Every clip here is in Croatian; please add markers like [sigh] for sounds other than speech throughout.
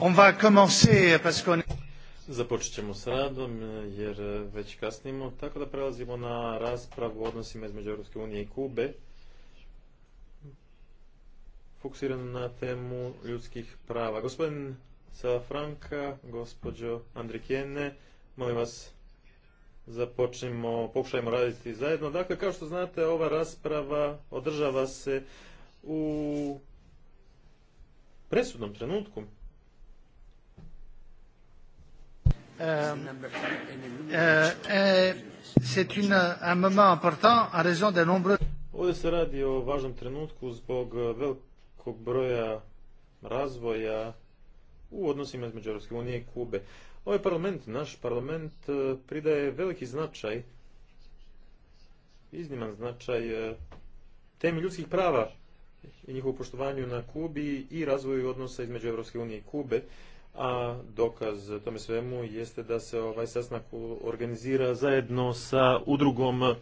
On va commencer parce qu'on Započet ćemo s radom jer već kasnimo, tako da prelazimo na raspravu o odnosima između Europske unije i Kube, fokusirano na temu ljudskih prava. Gospodin Franka, gospođo Andrikjene, molim vas započnimo, pokušajmo raditi zajedno. Dakle, kao što znate, ova rasprava održava se u presudnom trenutku Ovdje se radi o važnom trenutku zbog uh, velikog broja razvoja u odnosima između Europske unije i Kube. Ovaj parlament, naš parlament, uh, pridaje veliki značaj, izniman značaj uh, temi ljudskih prava i njihovu poštovanju na Kubi i razvoju odnosa između Europske unije i Kube a dokaz tome svemu jeste da se ovaj sastanak organizira zajedno sa udrugom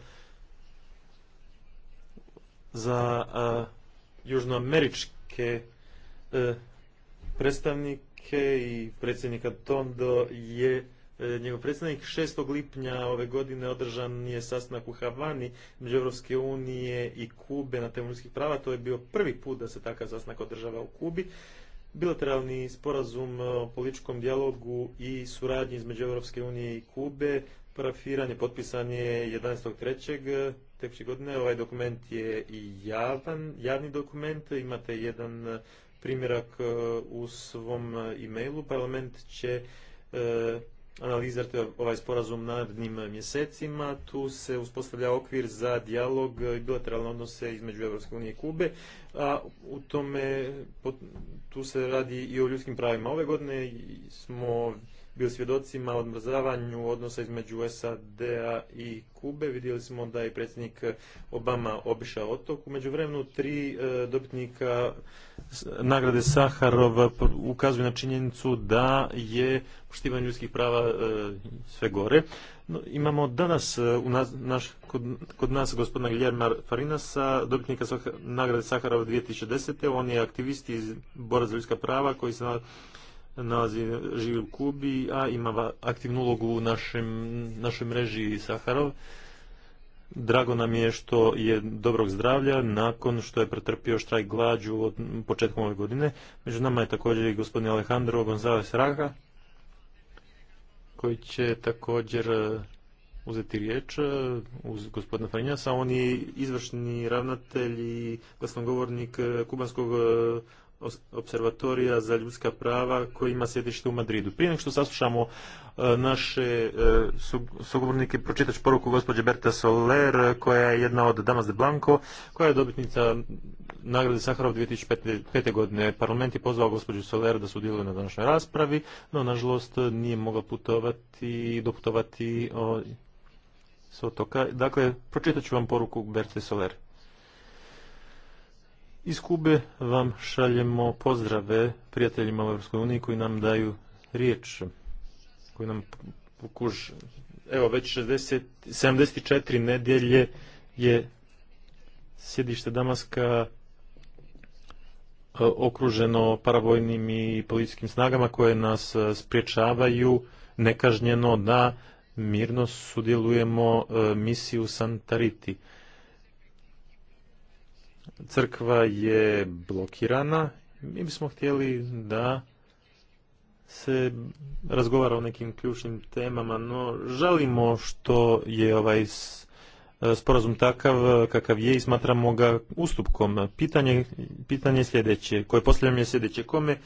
za južnoameričke e, predstavnike i predsjednika Tondo je e, njegov predsjednik 6. lipnja ove godine održan je sastanak u Havani među Europske unije i Kube na temu ljudskih prava. To je bio prvi put da se takav sastanak održava u Kubi bilateralni sporazum e, o političkom dijalogu i suradnji između Europske unije i Kube. parafiranje, je potpisan je 11.3. E, tekuće godine. Ovaj dokument je i javan, javni dokument. Imate jedan e, primjerak u svom e-mailu. Parlament će analizirati ovaj sporazum narednim mjesecima. Tu se uspostavlja okvir za dijalog i bilateralne odnose između Europske unije i Kube. A u tome tu se radi i o ljudskim pravima. Ove godine smo bio svjedocima odmrzavanju odnosa između SAD-a i Kube. Vidjeli smo da je predsjednik Obama obišao otok. U međuvremenu tri e, dobitnika nagrade Saharov ukazuju na činjenicu da je poštivanje ljudskih prava e, sve gore. No, imamo danas e, u naš, kod, kod, nas gospodina Guillermo Farinasa, dobitnika nagrade Saharov 2010. On je aktivist iz Bora za ljudska prava koji se nalazi, živi u Kubi, a ima aktivnu ulogu u našem, našoj mreži Saharov. Drago nam je što je dobrog zdravlja nakon što je pretrpio štrajk glađu od početkom ove godine. Među nama je također i gospodin Alejandro González Raga, koji će također e, uzeti riječ e, uz gospodina Farinjasa. On je izvršni ravnatelj i glasnogovornik e, kubanskog observatorija za ljudska prava koji ima sjedište u Madridu. Prije nego što saslušamo e, naše e, sugovornike, ću poruku gospođe Berta Soler, koja je jedna od Damas de Blanco, koja je dobitnica nagrade Saharov 2005. godine. Parlament je pozvao gospođu Soler da sudjeluje na današnjoj raspravi, no nažalost nije mogla putovati, i doputovati s otoka. Dakle, pročitaću vam poruku Berte Soler. Iz Kube vam šaljemo pozdrave prijateljima u EU koji nam daju riječ, koji nam pokuž... Evo, već 60, 74 nedjelje je sjedište Damaska e, okruženo paravojnim i policijskim snagama koje nas e, spriječavaju nekažnjeno da mirno sudjelujemo e, misiju Santariti crkva je blokirana. Mi bismo htjeli da se razgovara o nekim ključnim temama, no žalimo što je ovaj e, sporazum takav e, kakav je i smatramo ga ustupkom. Pitanje, pitanje sljedeće, koje postavljam je sljedeće, kome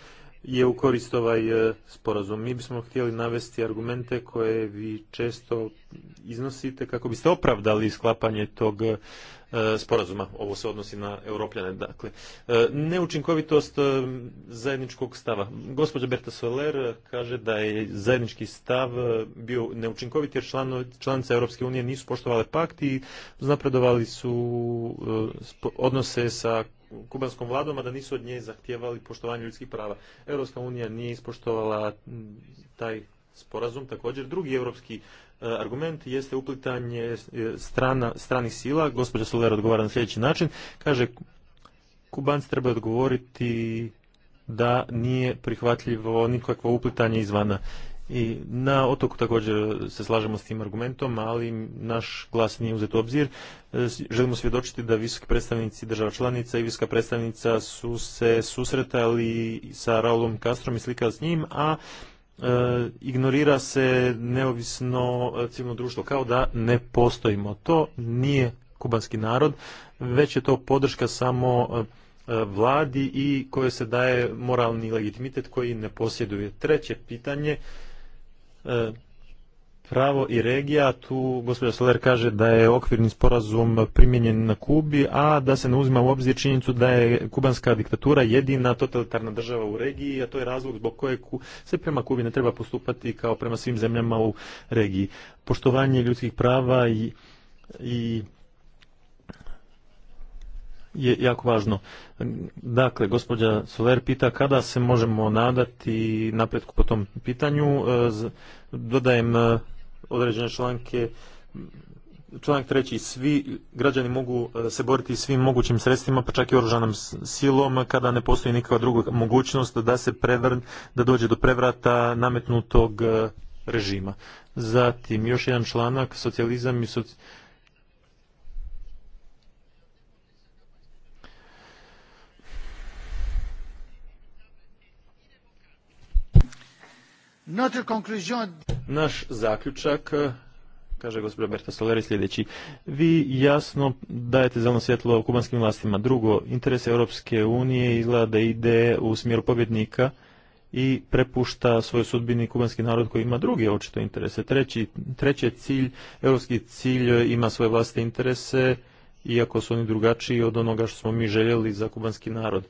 je u korist ovaj e, sporazum. Mi bismo htjeli navesti argumente koje vi često iznosite kako biste opravdali sklapanje tog e, sporazuma. Ovo se odnosi na europljane. Dakle, e, neučinkovitost zajedničkog stava. Gospođa Berta Soler kaže da je zajednički stav bio neučinkovit jer članice Europske unije nisu poštovale pakt i napredovali su odnose sa kubanskom vladom, a da nisu od nje zahtijevali poštovanje ljudskih prava. Europska unija nije ispoštovala mm, taj sporazum. Također, drugi europski e, argument jeste uplitanje e, strana, stranih sila. Gospođa Soler odgovara na sljedeći način. Kaže, Kubanci treba odgovoriti da nije prihvatljivo nikakvo uplitanje izvana. I na otoku također se slažemo s tim argumentom, ali naš glas nije uzet u obzir. E, želimo svjedočiti da visoki predstavnici država članica i visoka predstavnica su se susretali sa Raulom Castrom i slika s njim, a e, ignorira se neovisno civilno društvo, kao da ne postojimo. To nije kubanski narod, već je to podrška samo e, vladi i koje se daje moralni legitimitet koji ne posjeduje. Treće pitanje E, pravo i regija, tu gospođa Soler kaže da je okvirni sporazum primijenjen na Kubi, a da se ne uzima u obzir činjenicu da je kubanska diktatura jedina totalitarna država u regiji, a to je razlog zbog kojeg se prema Kubi ne treba postupati kao prema svim zemljama u regiji. Poštovanje ljudskih prava i, i je jako važno. Dakle, gospođa Soler pita kada se možemo nadati napretku po tom pitanju. E, dodajem e, određene članke članak treći, svi građani mogu e, se boriti svim mogućim sredstvima, pa čak i oružanom silom, kada ne postoji nikakva druga mogućnost da se prevr, da dođe do prevrata nametnutog režima. Zatim, još jedan članak, socijalizam i socijalizam Naš zaključak, kaže gospođa Berta Soleri, sljedeći. Vi jasno dajete zeleno svjetlo kubanskim vlastima. Drugo, interes Europske unije izgleda da ide u smjeru pobjednika i prepušta svoj sudbini kubanski narod koji ima druge očito interese. Treći, treći cilj, europski cilj ima svoje vlastite interese, iako su oni drugačiji od onoga što smo mi željeli za kubanski narod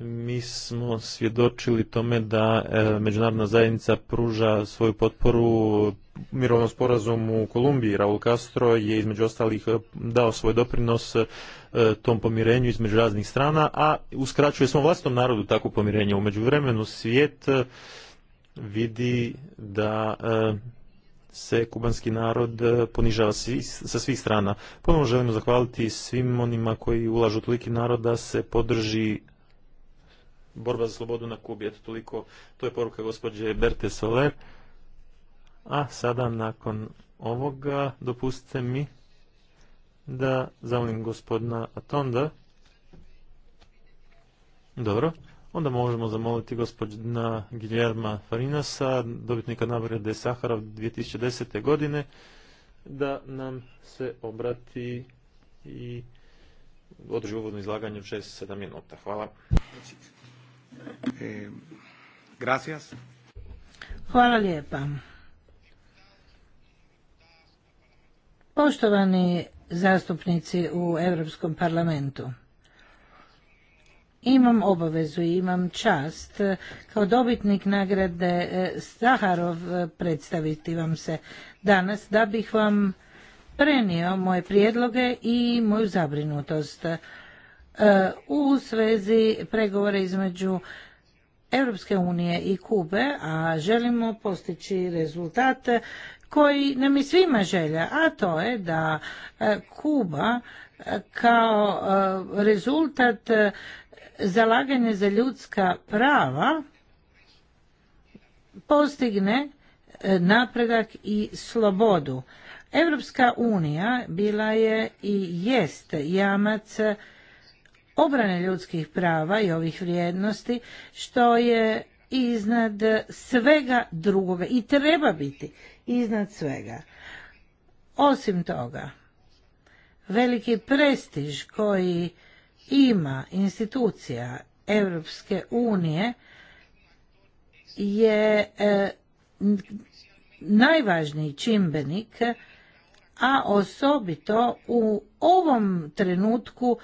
mi smo svjedočili tome da e, međunarodna zajednica pruža svoju potporu mirovnom sporazumu u Kolumbiji. Raul Castro je između ostalih e, dao svoj doprinos e, tom pomirenju između raznih strana, a uskraćuje svom vlastnom narodu takvo pomirenje. U međuvremenu svijet vidi da se kubanski narod ponižava sa svih strana. Ponovno želimo zahvaliti svim onima koji ulažu toliki narod da se podrži borba za slobodu na Kubi. Eto toliko, to je poruka gospođe Berte Soler. A sada nakon ovoga dopustite mi da zamolim gospodina Atonda. Dobro. Onda možemo zamoliti gospodina Guillerma Farinasa, dobitnika nagrade Sahara 2010. godine, da nam se obrati i održi uvodno izlaganje u 6-7 minuta. Hvala. Eh, Hvala lijepa. Poštovani zastupnici u Europskom parlamentu, imam obavezu i imam čast kao dobitnik nagrade eh, Staharov eh, predstaviti vam se danas da bih vam prenio moje prijedloge i moju zabrinutost E, u svezi pregovora između Europske unije i Kube, a želimo postići rezultate koji nam i svima želja, a to je da e, Kuba e, kao rezultat zalaganja za ljudska prava postigne napredak i slobodu. Europska unija bila je i jest jamac obrane ljudskih prava i ovih vrijednosti što je iznad svega drugoga i treba biti iznad svega. Osim toga, veliki prestiž koji ima institucija Europske unije je e, najvažniji čimbenik a osobito u ovom trenutku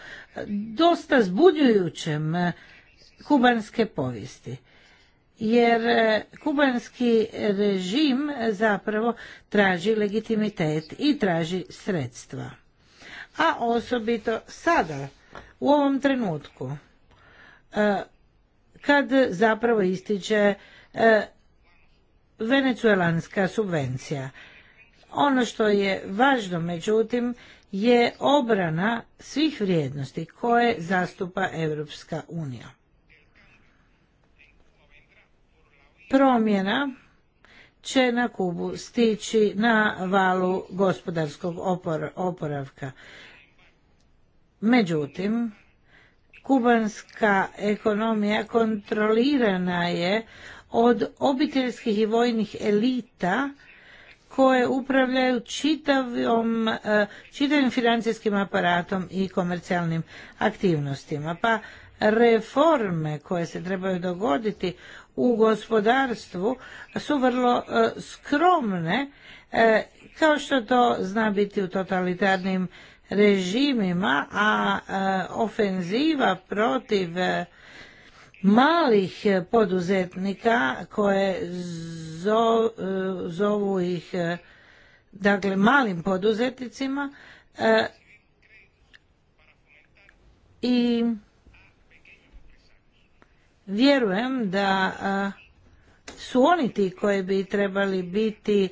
dosta zbudjujućem kubanske povijesti. Jer e, kubanski režim zapravo traži legitimitet i traži sredstva. A osobito sada, u ovom trenutku, e, kad zapravo ističe e, venecuelanska subvencija. Ono što je važno, međutim, je obrana svih vrijednosti koje zastupa Europska unija. Promjena će na Kubu stići na valu gospodarskog oporavka. Međutim, kubanska ekonomija kontrolirana je od obiteljskih i vojnih elita koje upravljaju čitavom, e, čitavim financijskim aparatom i komercijalnim aktivnostima. Pa reforme koje se trebaju dogoditi u gospodarstvu su vrlo e, skromne, e, kao što to zna biti u totalitarnim režimima, a ofenziva protiv malih e, poduzetnika koje e, zovu ih e, dakle malim poduzetnicima i vjerujem da su oni ti koji bi trebali biti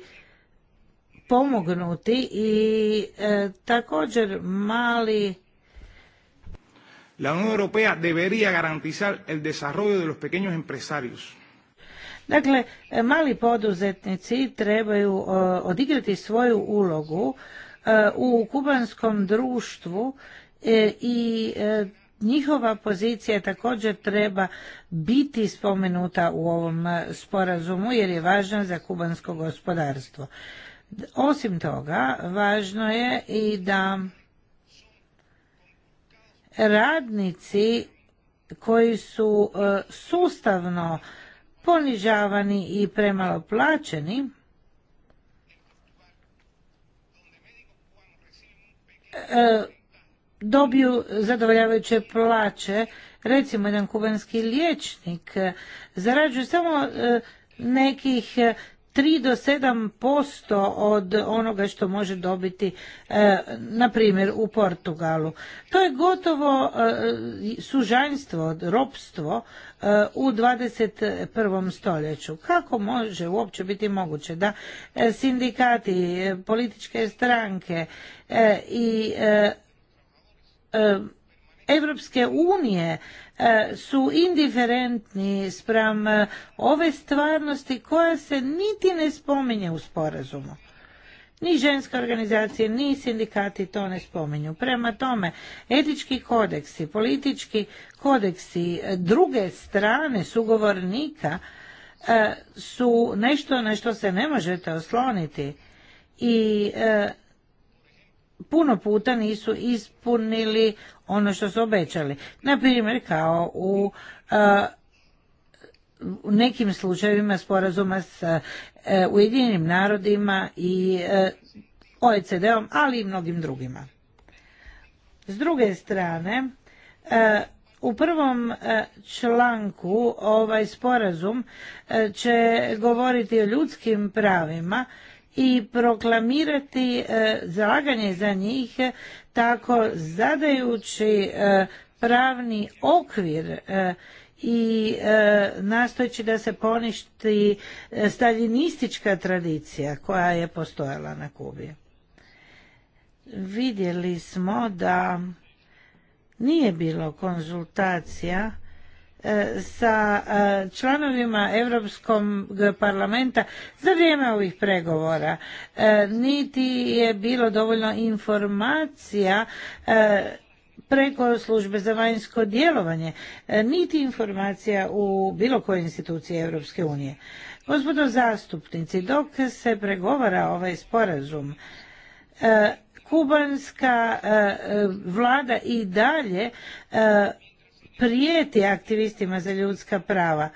pomognuti i također mali La Unión Europea debería garantizar el desarrollo de los pequeños empresarios. Dakle, e, mali poduzetnici trebaju e, odigrati svoju ulogu e, u kubanskom društvu i njihova pozicija također treba biti spomenuta u ovom sporazumu jer je važna za kubansko gospodarstvo. Osim toga, važno je i da radnici koji su e, sustavno ponižavani i premalo plaćeni e, dobiju zadovoljavajuće plaće. Recimo, jedan kubanski liječnik e, zarađuje samo nekih 3 do 7% od onoga što može dobiti e, na primjer u Portugalu. To je gotovo e, sužanjstvo, ropstvo e, u 21. stoljeću. Kako može uopće biti moguće da sindikati, političke stranke i Evropske unije e, su indiferentni spram e, ove stvarnosti koja se niti ne spominje u sporazumu. Ni ženske organizacije, ni sindikati to ne spominju. Prema tome, etički kodeksi, politički kodeksi e, druge strane sugovornika su nešto na što se ne možete osloniti i puno puta nisu ispunili ono što su obećali. Na kao u nekim slučajevima sporazuma s Ujedinim Ujedinjenim narodima i OECD-om, ali i mnogim drugima. S druge strane, u prvom članku ovaj sporazum će govoriti o ljudskim pravima i proklamirati e, zalaganje za njih e, tako zadajući e, pravni okvir i nastojeći da se poništi staljinistička tradicija koja je postojala na Kubi. Vidjeli smo da nije bilo konzultacija E, sa e, članovima Europskog parlamenta za vrijeme ovih pregovora. E, niti je bilo dovoljno informacija preko službe za vanjsko djelovanje, niti informacija u bilo kojoj instituciji Europske unije. Gospodo zastupnici, dok se pregovara ovaj sporazum, kubanska vlada i dalje prijeti aktivistima za ljudska prava.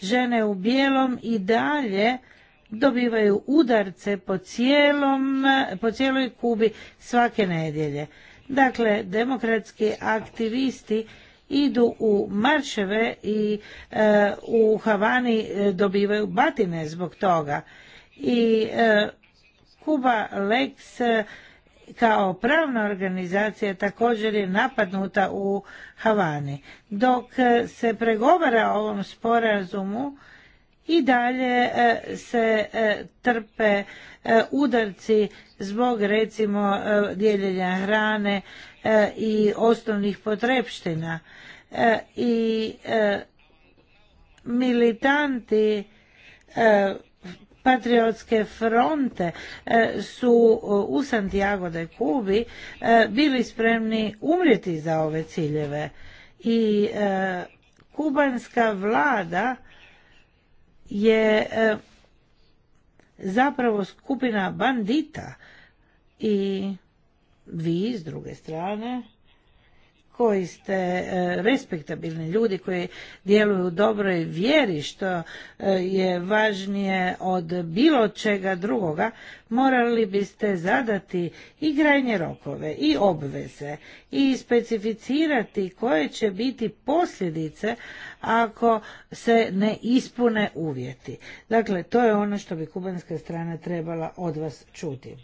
Žene u bijelom i dalje dobivaju udarce po, cijelom, po cijeloj Kubi svake nedjelje. Dakle, demokratski aktivisti idu u marševe i e, u Havani e, dobivaju batine zbog toga. I e, Kuba Lex kao pravna organizacija također je napadnuta u Havani. Dok e, se pregovara o ovom sporazumu i dalje e, se e, trpe udarci zbog recimo dijeljenja hrane i osnovnih potrepština i militanti patriotske fronte e, su e, u Santiago de Kubi e, bili spremni umrijeti za ove ciljeve i kubanska vlada je zapravo skupina bandita i vi s druge strane koji ste e, respektabilni ljudi koji djeluju u dobroj vjeri što e, je važnije od bilo čega drugoga morali biste zadati i krajnje rokove i obveze i specificirati koje će biti posljedice ako se ne ispune uvjeti. Dakle, to je ono što bi kubanska strana trebala od vas čuti.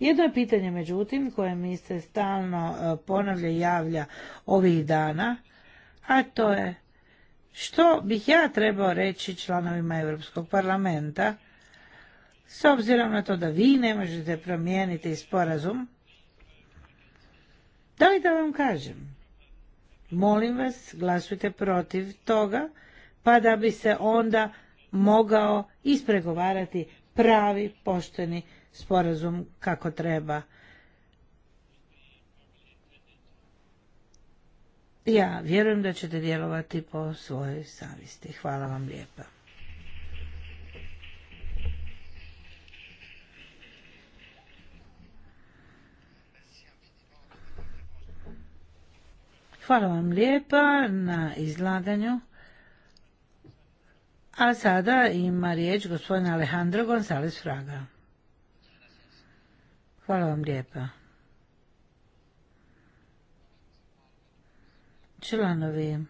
Jedno je pitanje, međutim, koje mi se stalno e, ponavlja i javlja ovih dana, a to je što bih ja trebao reći članovima Europskog parlamenta, s obzirom na to da vi ne možete promijeniti sporazum, da li da vam kažem? Molim vas, glasujte protiv toga, pa da bi se onda mogao ispregovarati pravi, pošteni sporazum kako treba. Ja vjerujem da ćete djelovati po svojoj savjesti. Hvala vam lijepa. Hvala vam lijepa na izlaganju. A sada ima riječ gospodin Alejandro González Fraga. Hvala vam lijepa. Članovi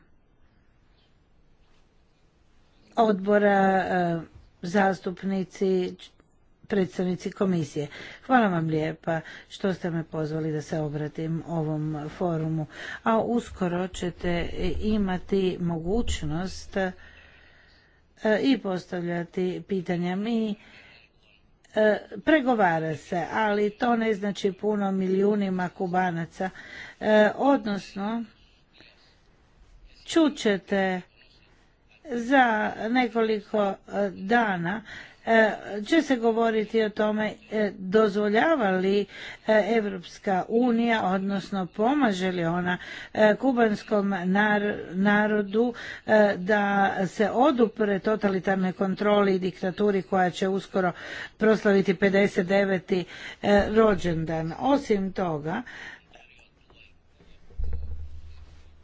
odbora, e, zastupnici, predstavnici komisije. Hvala vam lijepa što ste me pozvali da se obratim ovom forumu. A uskoro ćete imati mogućnost e, i postavljati pitanja. Mi E, pregovara se, ali to ne znači puno milijunima kubanaca. E, odnosno, čućete za nekoliko e, dana E, će se govoriti o tome e, dozvoljava li e, Evropska unija, odnosno pomaže li ona kubanskom narodu da se odupre totalitarnoj kontroli i diktaturi koja će uskoro proslaviti 59. rođendan. Osim toga,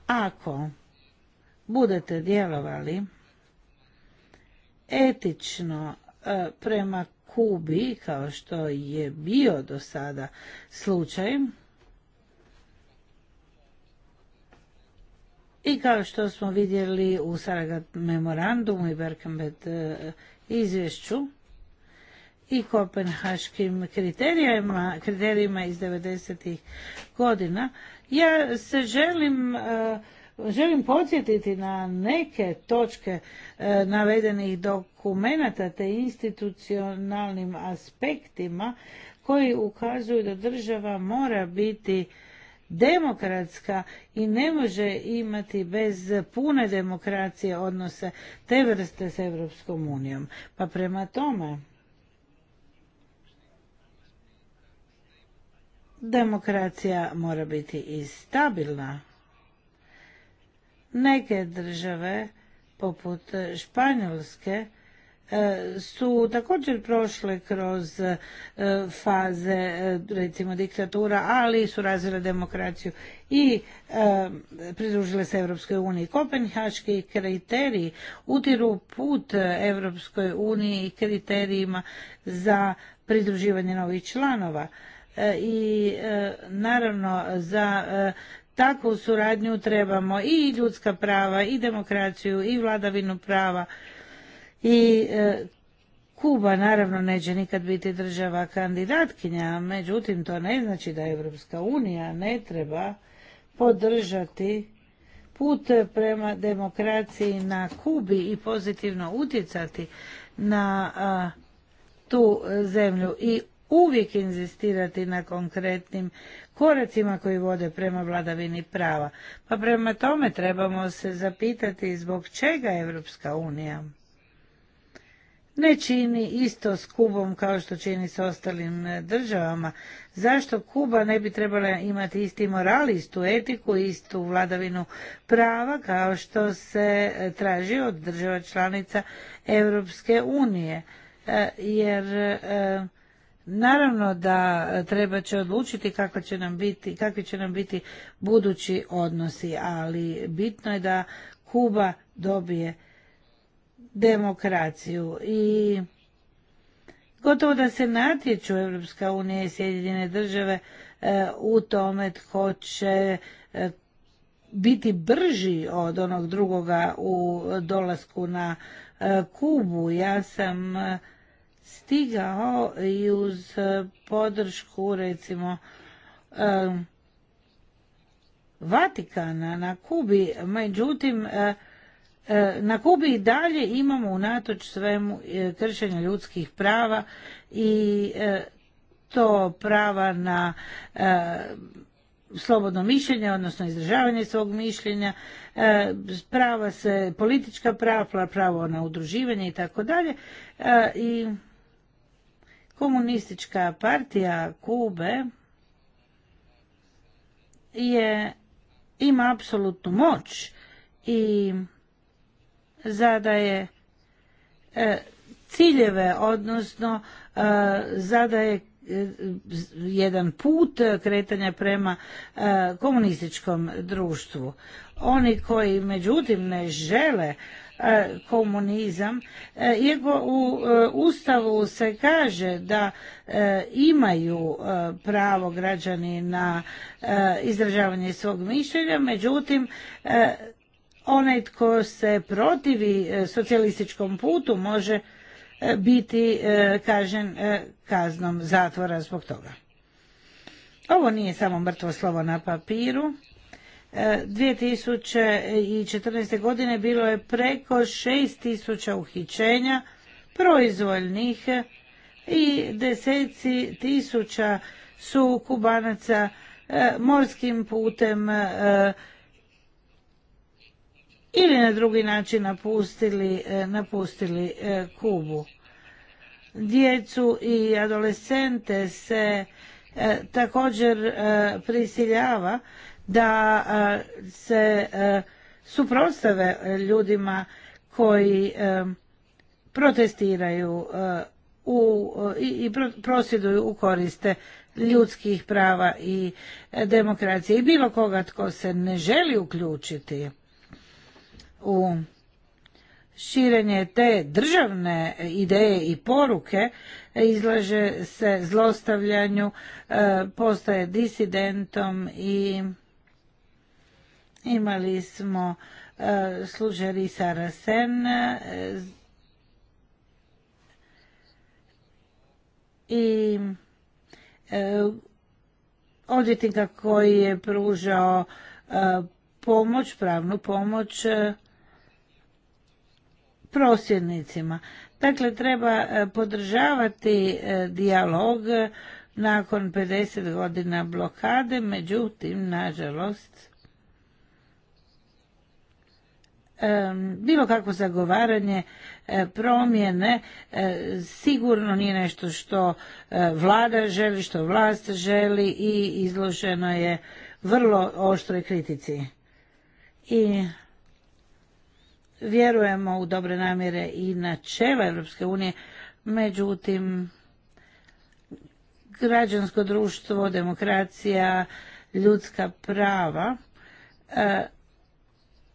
ako budete djelovali etično E, prema Kubi, kao što je bio do sada slučaj, I kao što smo vidjeli u Saragat memorandumu i Berkambet e, izvješću i kopenhaškim kriterijima, kriterijima iz 90. godina, ja se želim e, Želim podsjetiti na neke točke e, navedenih dokumenata te institucionalnim aspektima koji ukazuju da država mora biti demokratska i ne može imati bez pune demokracije odnose te vrste s Europskom unijom. Pa prema tome, demokracija mora biti i stabilna. Neke države, poput Španjolske, e, su također prošle kroz e, faze e, recimo diktatura, ali su razvile demokraciju i pridružile se Europskoj uniji. Kopenhaški kriteriji utiru put Europskoj uniji i kriterijima za pridruživanje novih članova i naravno za takvu suradnju trebamo i ljudska prava i demokraciju i vladavinu prava i e, Kuba naravno neće nikad biti država kandidatkinja, međutim to ne znači da Evropska unija ne treba podržati put prema demokraciji na Kubi i pozitivno utjecati na tu zemlju i uvijek inzistirati na konkretnim koracima koji vode prema vladavini prava. Pa prema tome trebamo se zapitati zbog čega Evropska unija ne čini isto s Kubom kao što čini s ostalim državama. Zašto Kuba ne bi trebala imati isti moral, istu etiku, istu vladavinu prava kao što se traži od država članica Evropske unije? E, jer e, Naravno da e, treba će odlučiti kako će nam biti, kakvi će nam biti budući odnosi, ali bitno je da Kuba dobije demokraciju i gotovo da se natječu Europska unija i Sjedinjene države e, u tome tko će e, biti brži od onog drugoga u dolasku na Kubu. Ja sam stigao i uz e, podršku recimo e, Vatikana na Kubi, međutim e, na Kubi i dalje imamo unatoč svemu kršenje ljudskih prava i to prava na slobodno mišljenje, odnosno izražavanje svog mišljenja, prava se, politička prava, pravo na udruživanje i tako dalje. I Komunistička partija Kube je, ima apsolutnu moć i zadaje e, ciljeve, odnosno e, zadaje e, jedan put kretanja prema e, komunističkom društvu. Oni koji međutim ne žele E, komunizam, e, iako u e, Ustavu se kaže da imaju pravo građani na izražavanje svog mišljenja, međutim onaj tko se protivi socijalističkom putu može biti kažen kaznom zatvora zbog toga. Ovo nije samo mrtvo slovo na papiru, 2014. godine bilo je preko 6000 uhićenja proizvoljnih i deseci tisuća su kubanaca e, morskim putem e, ili na drugi način napustili, e, napustili Kubu. Djecu i adolescente se također prisiljava da e, se e, suprotstave e, ljudima koji protestiraju u, i prosjeduju u koriste ljudskih prava i demokracije i bilo koga tko se ne želi uključiti u širenje te državne ideje i poruke izlaže se zlostavljanju, postaje disidentom i Imali smo e, slučaj Risa Rasen e, i e, odvjetnika koji je pružao pomoć, pravnu pomoć prosvjednicima. Dakle, treba podržavati dijalog nakon 50 godina blokade, međutim, nažalost, bilo kakvo zagovaranje e, promjene e, sigurno nije nešto što e, vlada želi, što vlast želi i izloženo je vrlo oštroj kritici. I vjerujemo u dobre namjere i načela Europske unije, međutim građansko društvo, demokracija, ljudska prava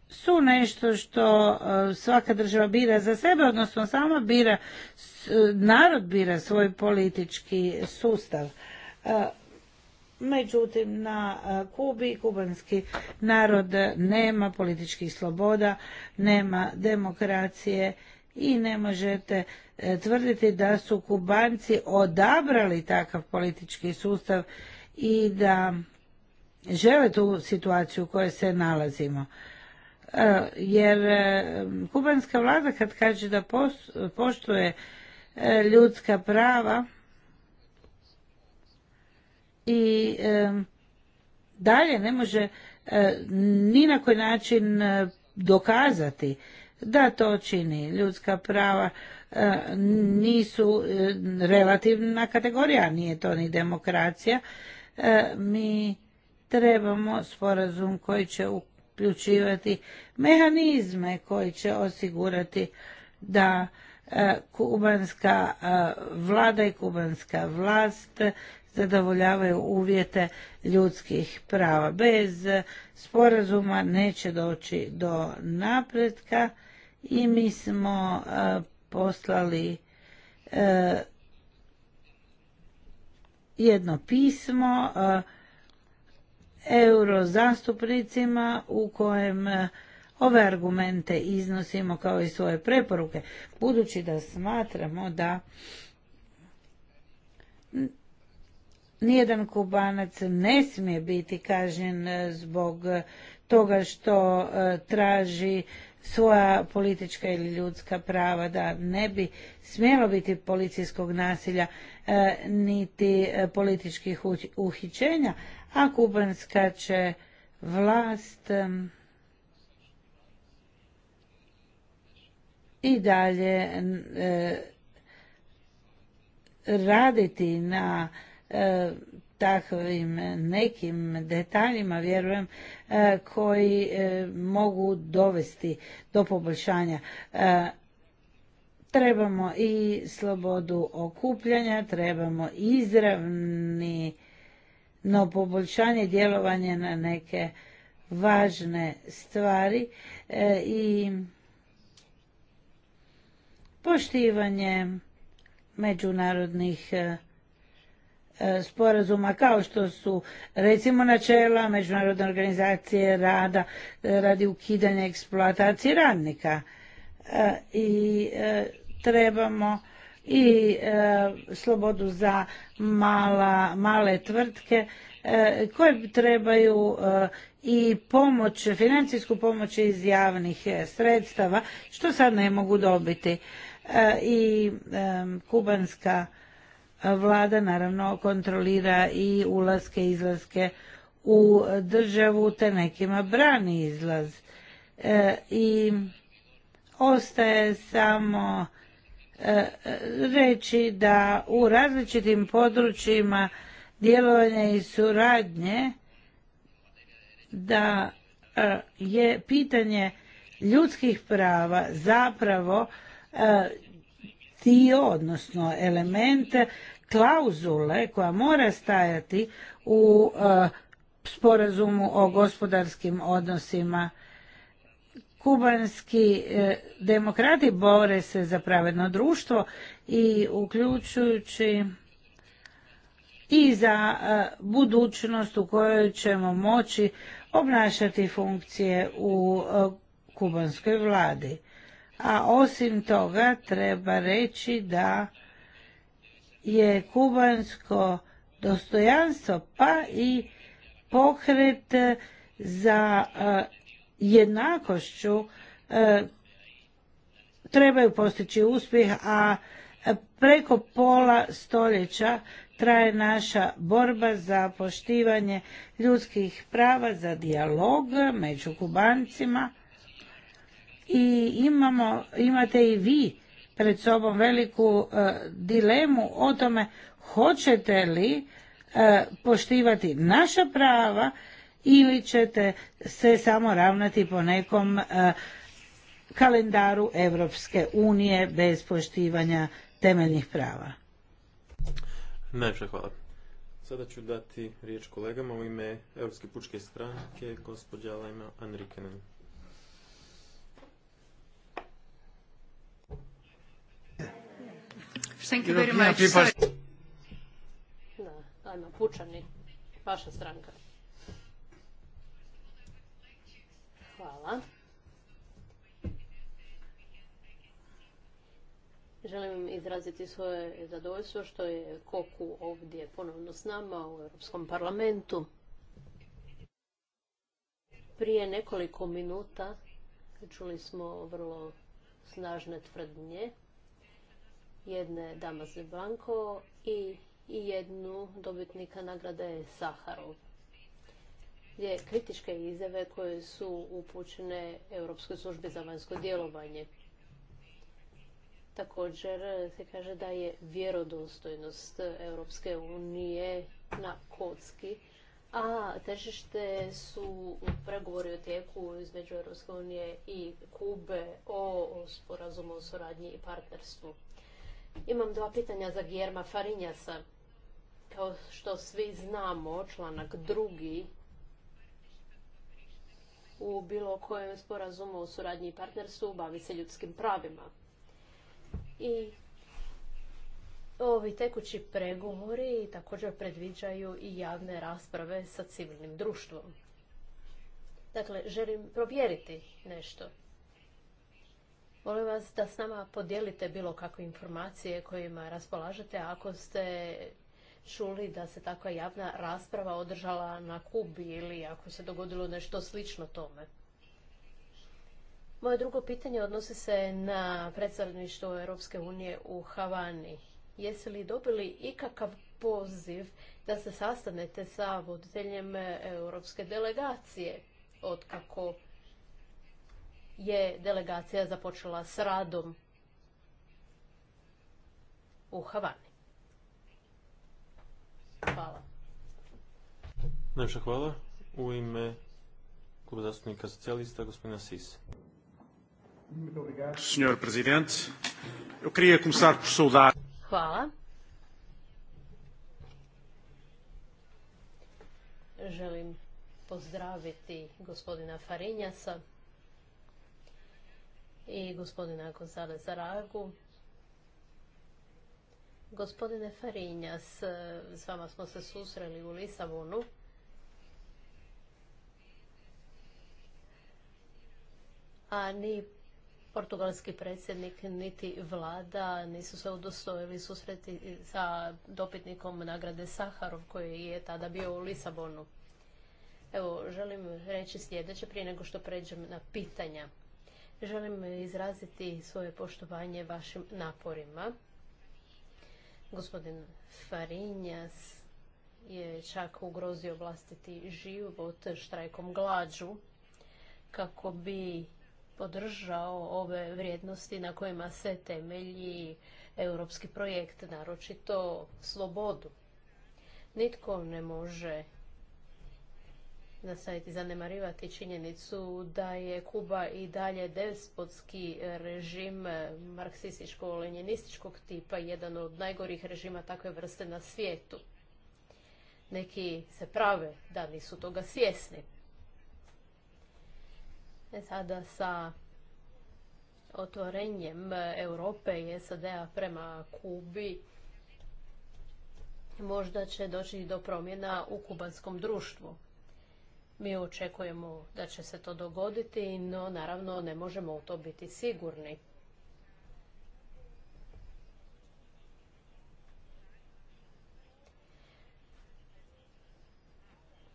su nešto što e, svaka država bira za sebe, odnosno sama bira, e, narod bira svoj politički sustav. E, međutim, na Kubi kubanski narod nema političkih sloboda, nema demokracije i ne možete tvrditi da su kubanci odabrali takav politički sustav i da žele tu situaciju u kojoj se nalazimo. E, jer e, kubanska vlada kad kaže da poštuje e, ljudska prava i dalje ne može ni na koji način dokazati da to čini ljudska prava nisu relativna kategorija nije to ni demokracija mi trebamo sporazum koji će u uključivati mehanizme koji će osigurati da e, kubanska e, vlada i kubanska vlast zadovoljavaju uvjete ljudskih prava. Bez sporazuma neće doći do napretka i mi smo e, poslali jedno pismo euro zastupnicima u kojem e, ove argumente iznosimo kao i svoje preporuke, budući da smatramo da nijedan kubanac ne smije biti kažen e, zbog toga što e, traži svoja politička ili ljudska prava da ne bi smjelo biti policijskog nasilja niti političkih uhićenja a kubanska će vlast i dalje e, raditi na e, takvim nekim detaljima vjerujem e, koji mogu dovesti do poboljšanja trebamo i slobodu okupljanja trebamo izravni no poboljšanje djelovanja na neke važne stvari e, i poštivanje međunarodnih e, e, sporazuma kao što su recimo načela Međunarodne organizacije rada radi ukidanja eksploatacije radnika. I trebamo i e, slobodu za mala, male tvrtke e, koje trebaju e, i pomoć, financijsku pomoć iz javnih sredstava, što sad ne mogu dobiti. I kubanska vlada naravno kontrolira i ulaske i izlaske u državu, te nekima brani izlaz. I ostaje samo E, reći da u različitim područjima djelovanja i suradnje da e, je pitanje ljudskih prava zapravo e, dio, odnosno elemente, klauzule koja mora stajati u sporazumu o gospodarskim odnosima kubanski e, demokrati bore se za pravedno društvo i uključujući i za e, budućnost u kojoj ćemo moći obnašati funkcije u e, kubanskoj vladi. A osim toga treba reći da je kubansko dostojanstvo pa i pokret za jednakošću e, trebaju postići uspjeh, a preko pola stoljeća traje naša borba za poštivanje ljudskih prava, za dijalog među kubancima i imamo, imate i vi pred sobom veliku e, dilemu o tome hoćete li e, poštivati naša prava ili ćete se samo ravnati po nekom e, kalendaru Evropske unije bez poštivanja temeljnih prava. Najviše hvala. Sada ću dati riječ kolegama u ime Europske pučke stranke, gospođa Lajma Anrikenen. Thank you very much. Na, Lajma Pučani, vaša stranka. izraziti svoje zadovoljstvo što je Koku ovdje ponovno s nama u Europskom parlamentu. Prije nekoliko minuta čuli smo vrlo snažne tvrdnje jedne Damaze Blanko i, i jednu dobitnika nagrade Saharov gdje kritičke izjave koje su upućene Europskoj službi za vanjsko djelovanje. Također eh, se kaže da je vjerodostojnost eh, Europske unije na kocki, a težište su pregovori o tijeku između Europske unije i Kube o sporazumu o suradnji i partnerstvu. Imam dva pitanja za Gjerma Farinjasa. Kao što svi znamo, članak drugi u bilo kojem sporazumu o suradnji i partnerstvu bavi se ljudskim pravima. I ovi tekući pregovori također predviđaju i javne rasprave sa civilnim društvom. Dakle, želim provjeriti nešto. Molim vas da s nama podijelite bilo kakve informacije kojima raspolažete ako ste čuli da se takva javna rasprava održala na Kubi ili ako se dogodilo nešto slično tome. Moje drugo pitanje odnosi se na predstavništvo Europske unije u Havani. Jesi li dobili ikakav poziv da se sastanete sa voditeljem europske delegacije od kako je delegacija započela s radom u Havani? Hvala. hvala. U ime kluba zastupnika socijalista, gospodina Sis. Hvala. Želim pozdraviti gospodina Farinjasa i gospodina Gonzale Zaragu. Gospodine Farinjas, s vama smo se susreli u Lisabonu. A ni portugalski predsjednik niti vlada nisu se udostojili susreti sa dopitnikom nagrade Saharov koji je tada bio u Lisabonu. Evo, želim reći sljedeće prije nego što pređem na pitanja. Želim izraziti svoje poštovanje vašim naporima. Gospodin Farinjas je čak ugrozio vlastiti život štrajkom glađu kako bi podržao ove vrijednosti na kojima se temelji europski projekt, naročito slobodu. Nitko ne može nastaviti zanemarivati činjenicu da je Kuba i dalje despotski režim marksističko lenjenističkog tipa, jedan od najgorih režima takve vrste na svijetu. Neki se prave da nisu toga svjesni. E sada sa otvorenjem Europe i SAD-a prema Kubi možda će doći do promjena u kubanskom društvu. Mi očekujemo da će se to dogoditi, no naravno ne možemo u to biti sigurni.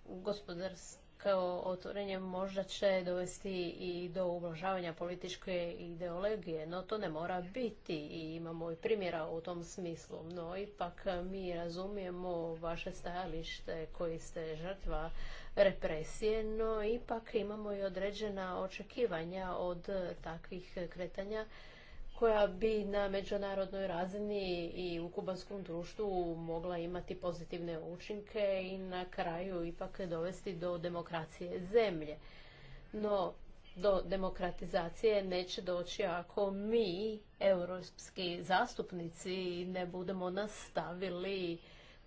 Gospodarski kao otvorenje možda će dovesti i do ublažavanja političke ideologije, no to ne mora biti i imamo i primjera u tom smislu. No ipak mi razumijemo vaše stajalište koji ste žrtva represije, no ipak imamo i određena očekivanja od takvih kretanja koja bi na međunarodnoj razini i u kubanskom društvu mogla imati pozitivne učinke i na kraju ipak dovesti do demokracije zemlje. No, do demokratizacije neće doći ako mi, europski zastupnici, ne budemo nastavili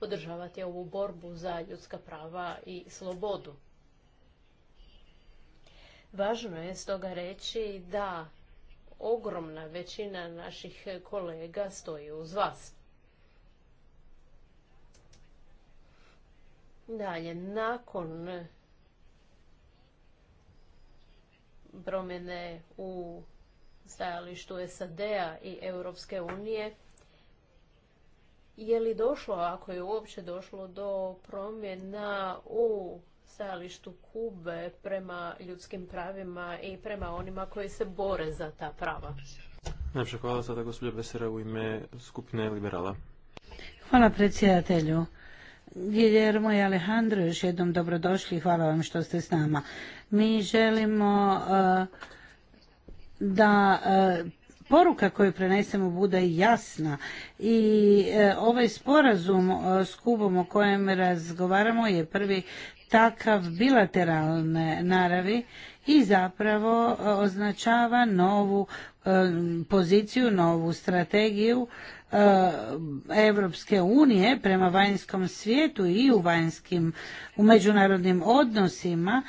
podržavati ovu borbu za ljudska prava i slobodu. Važno je stoga reći da ogromna većina naših kolega stoji uz vas. Dalje, nakon promjene u stajalištu SAD-a i Europske unije, je li došlo, ako je uopće došlo do promjena u stajalištu Kube prema ljudskim pravima i prema onima koji se bore za ta prava. Najpša hvala sada gospođa Besera u ime skupine Liberala. Hvala predsjedatelju. Guillermo i Alejandro, još jednom dobrodošli, i hvala vam što ste s nama. Mi želimo eh, da eh, poruka koju prenesemo bude jasna i eh, ovaj sporazum s Kubom o kojem razgovaramo je prvi takav bilateralne naravi i zapravo e, označava novu e, poziciju, novu strategiju e, Evropske unije prema vanjskom svijetu i u vanjskim, u međunarodnim odnosima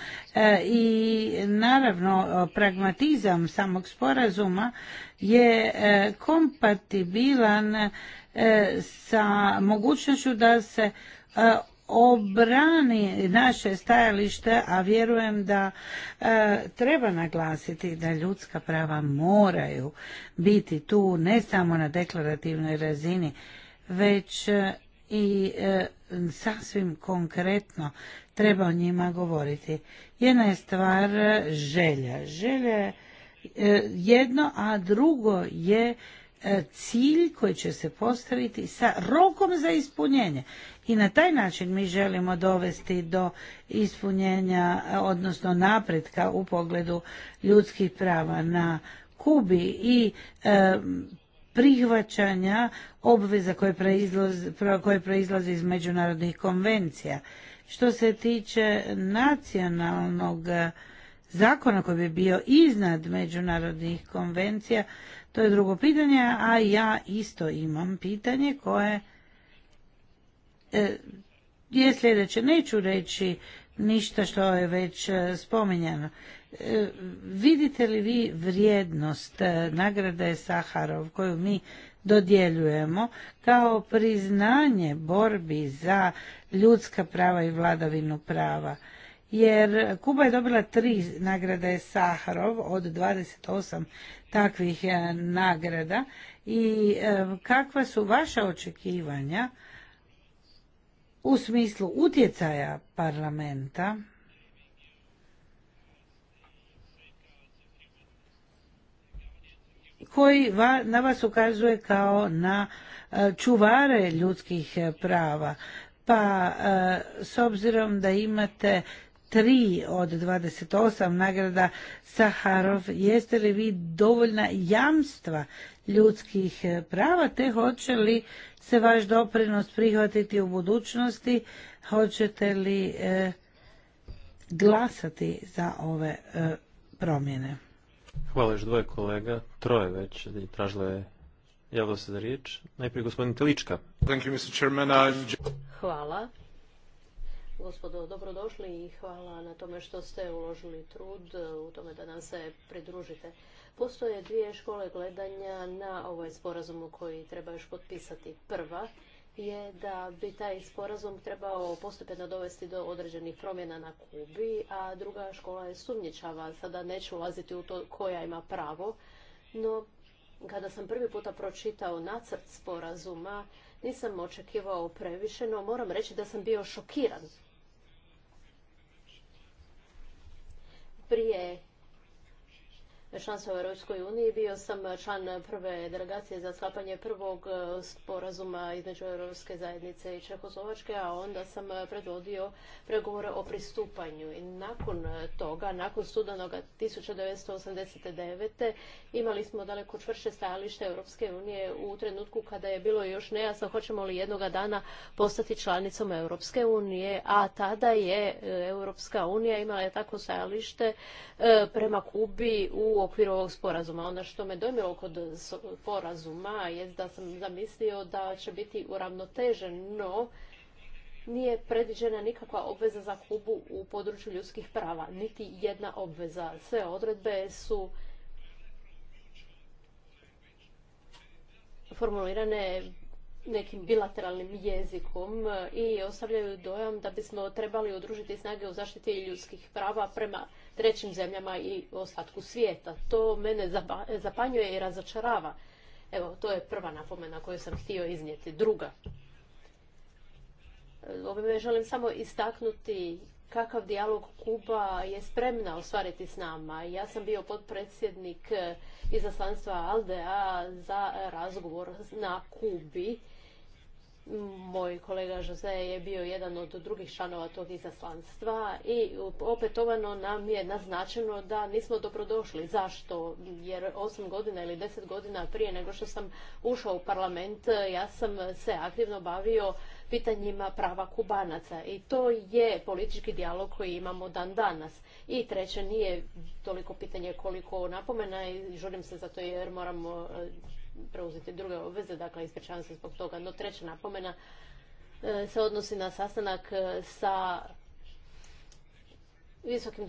i naravno pragmatizam samog sporazuma je kompatibilan sa mogućnošću da se obrani naše stajalište, a vjerujem da e, treba naglasiti da ljudska prava moraju biti tu ne samo na deklarativnoj razini, već e, i e, sasvim konkretno treba o njima govoriti. Jedna je stvar e, želja. Želja je jedno, a drugo je cilj koji će se postaviti sa rokom za ispunjenje i na taj način mi želimo dovesti do ispunjenja, odnosno napretka u pogledu ljudskih prava na Kubi i e, prihvaćanja obveza koje proizlaze, koje proizlaze iz međunarodnih konvencija. Što se tiče nacionalnog e, zakona koji bi bio iznad međunarodnih konvencija, to je drugo pitanje, a ja isto imam pitanje koje E, je sljedeće. Neću reći ništa što je već e, spominjano. E, vidite li vi vrijednost nagrade Saharov koju mi dodjeljujemo kao priznanje borbi za ljudska prava i vladavinu prava? jer Kuba je dobila tri nagrade Saharov od 28 takvih nagrada i kakva su vaša očekivanja u smislu utjecaja parlamenta koji na vas ukazuje kao na e, čuvare ljudskih e, prava. Pa e, s obzirom da imate tri od 28 nagrada Saharov, jeste li vi dovoljna jamstva ljudskih e, prava, te hoće li se vaš doprinos prihvatiti u budućnosti, hoćete li e, glasati za ove e, promjene. Hvala još dvoje kolega, troje već tražilo je javilo se za riječ. Najprije gospodin Telička. Hvala. Gospodo, dobrodošli i hvala na tome što ste uložili trud u tome da nam se pridružite. Postoje dvije škole gledanja na ovaj sporazum koji treba još potpisati. Prva je da bi taj sporazum trebao postupno dovesti do određenih promjena na Kubi, a druga škola je sumnjičava. Sada neću ulaziti u to koja ima pravo, no kada sam prvi puta pročitao nacrt sporazuma, nisam očekivao previše, no moram reći da sam bio šokiran. Prije članstva dakle, u Europskoj uniji. Bio sam član prve delegacije za sklapanje prvog e, sporazuma između Europske zajednice i Čehoslovačke, a onda sam predvodio pregovore o pristupanju. I nakon toga, nakon osamdeset 1989. imali smo daleko čvršće stajalište Europske unije u trenutku kada je bilo još nejasno hoćemo li jednoga dana postati članicom Europske unije, a tada je e, Europska unija imala tako stajalište e, prema Kubi u okviru ovog sporazuma. Ono što me dojmilo kod sporazuma je da sam zamislio da će biti uravnotežen, no nije predviđena nikakva obveza za Kubu u području ljudskih prava, niti jedna obveza. Sve odredbe su formulirane nekim bilateralnim jezikom i ostavljaju dojam da bismo trebali udružiti snage u zaštiti ljudskih prava prema trećim zemljama i ostatku svijeta. To mene zapanjuje i razočarava. Evo, to je prva napomena koju sam htio iznijeti. Druga. Ovime želim samo istaknuti kakav dijalog Kuba je spremna ostvariti s nama. Ja sam bio potpredsjednik izaslanstva Aldea za razgovor na Kubi moj kolega Jose je bio jedan od drugih članova tog izaslanstva i opetovano nam je naznačeno da nismo dobrodošli. Zašto? Jer osam godina ili deset godina prije nego što sam ušao u parlament, ja sam se aktivno bavio pitanjima prava kubanaca i to je politički dijalog koji imamo dan danas. I treće, nije toliko pitanje koliko napomena i žurim se zato jer moramo preuzeti druge obveze, dakle ispričavam se zbog toga. No treća napomena e, se odnosi na sastanak e, sa visokim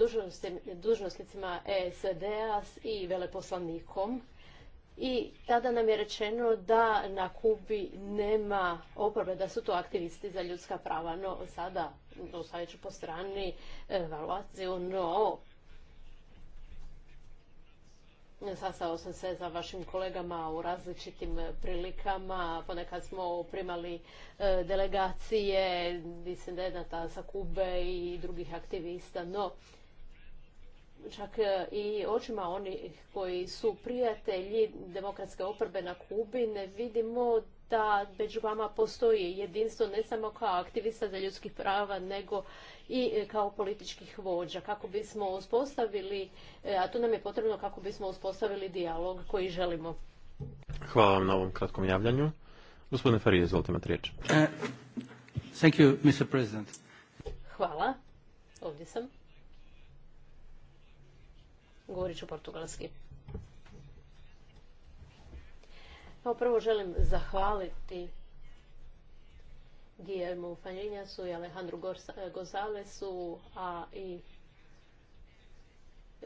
dužnosnicima ESD-a i veleposlanikom. I tada nam je rečeno da na Kubi nema oporbe, da su to aktivisti za ljudska prava. No sada ostavit ću po strani evaluaciju, no Sastao sam se za vašim kolegama u različitim e, prilikama. Ponekad smo primali e, delegacije disidenata sa Kube i drugih aktivista, no čak e, i očima onih koji su prijatelji demokratske oporbe na Kubi ne vidimo da među vama postoji jedinstvo ne samo kao aktivista za ljudskih prava, nego i e, kao političkih vođa kako bismo uspostavili, e, a to nam je potrebno kako bismo uspostavili dijalog koji želimo. Hvala vam na ovom kratkom javljanju. Gospodine Farije, izvolite imati riječ. E, thank you, Mr. President. Hvala. Ovdje sam. Govorit ću portugalski. Kao prvo želim zahvaliti Guillermo Fanjenjasu i Alejandru Gozalesu, eh, a i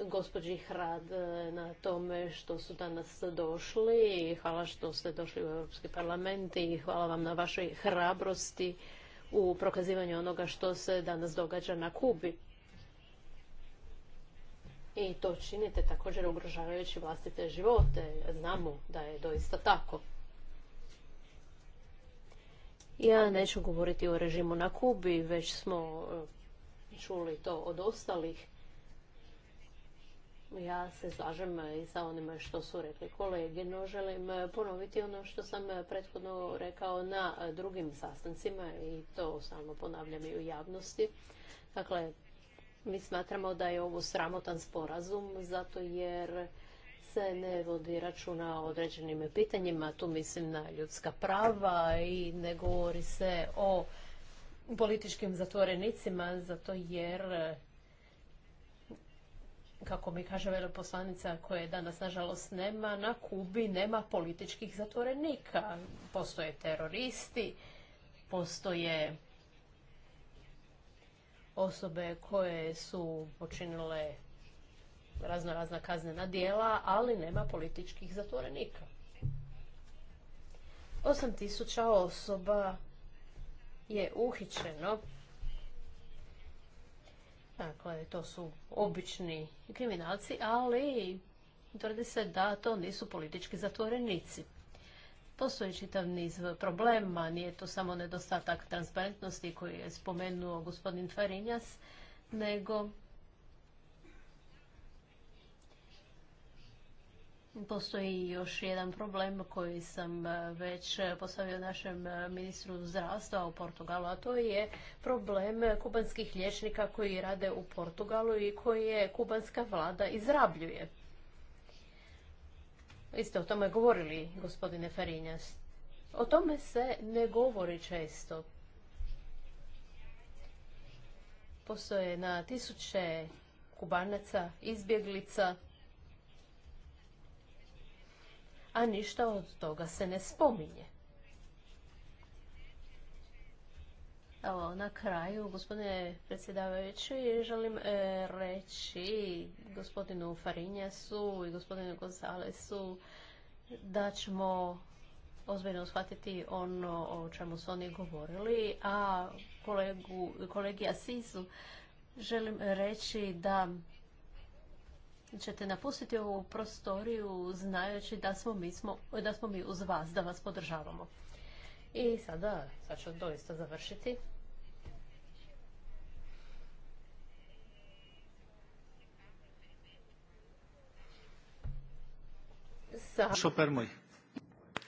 gospođi Hrad eh, na tome što su danas došli. Hvala što ste došli u Europski parlament i hvala vam na vašoj hrabrosti u prokazivanju onoga što se danas događa na Kubi. I to činite također ugrožavajući vlastite živote. Znamo da je doista tako. Ja neću govoriti o režimu na Kubi, već smo e, čuli to od ostalih. Ja se slažem i sa onima što su rekli kolege, no želim e, ponoviti ono što sam e, prethodno rekao na drugim sastancima i to samo ponavljam i u javnosti. Dakle, mi smatramo da je ovo sramotan sporazum zato jer se ne vodi računa o određenim pitanjima, tu mislim na ljudska prava i ne govori se o političkim zatvorenicima, zato jer kako mi kaže veleposlanica koje danas nažalost nema, na Kubi nema političkih zatvorenika. Postoje teroristi, postoje osobe koje su počinile razno razna kaznena dijela, ali nema političkih zatvorenika. 8000 osoba je uhičeno. Dakle, to su obični kriminalci, ali tvrdi se da to nisu politički zatvorenici. Postoji čitav niz problema, nije to samo nedostatak transparentnosti koji je spomenuo gospodin Farinjas, nego Postoji još jedan problem koji sam e, već postavio našem e, ministru zdravstva u Portugalu, a to je problem kubanskih lječnika koji rade u Portugalu i koje kubanska vlada izrabljuje. Vi ste o tome govorili, gospodine Farinjas. O tome se ne govori često. Postoje na tisuće kubanaca, izbjeglica, a ništa od toga se ne spominje. Evo, na kraju, gospodine predsjedavajući, želim e, reći gospodinu Farinjasu i gospodinu Gonzalesu da ćemo ozbiljno shvatiti ono o čemu su oni govorili, a kolegu, kolegi Asisu želim reći da ćete napustiti ovu prostoriju znajući da smo mi, da smo mi uz vas, da vas podržavamo. I sada, sad ću doista završiti. Sa,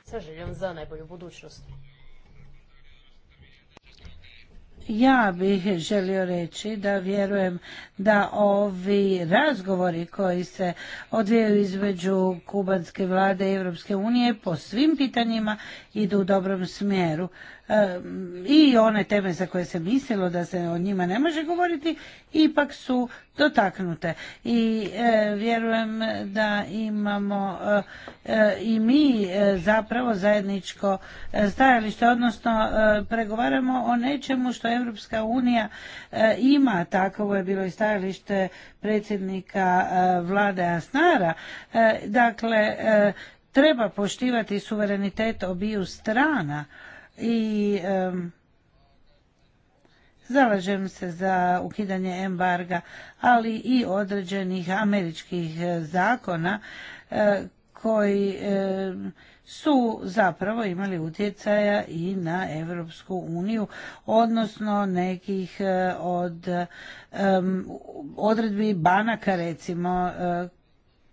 Sa željom za najbolju budućnost ja bih želio reći da vjerujem da ovi razgovori koji se odvijaju između kubanske vlade i Europske unije po svim pitanjima idu u dobrom smjeru i one teme za koje se mislilo da se o njima ne može govoriti ipak su dotaknute i e, vjerujem da imamo e, e, i mi zapravo zajedničko stajalište odnosno pregovaramo o nečemu što Europska unija ima tako je bilo i stajalište predsjednika vlade Asnara dakle treba poštivati suverenitet obiju strana i zalažem se za ukidanje embarga, ali i određenih američkih e, zakona e, koji su zapravo imali utjecaja i na Europsku uniju, odnosno nekih e, od odredbi banaka recimo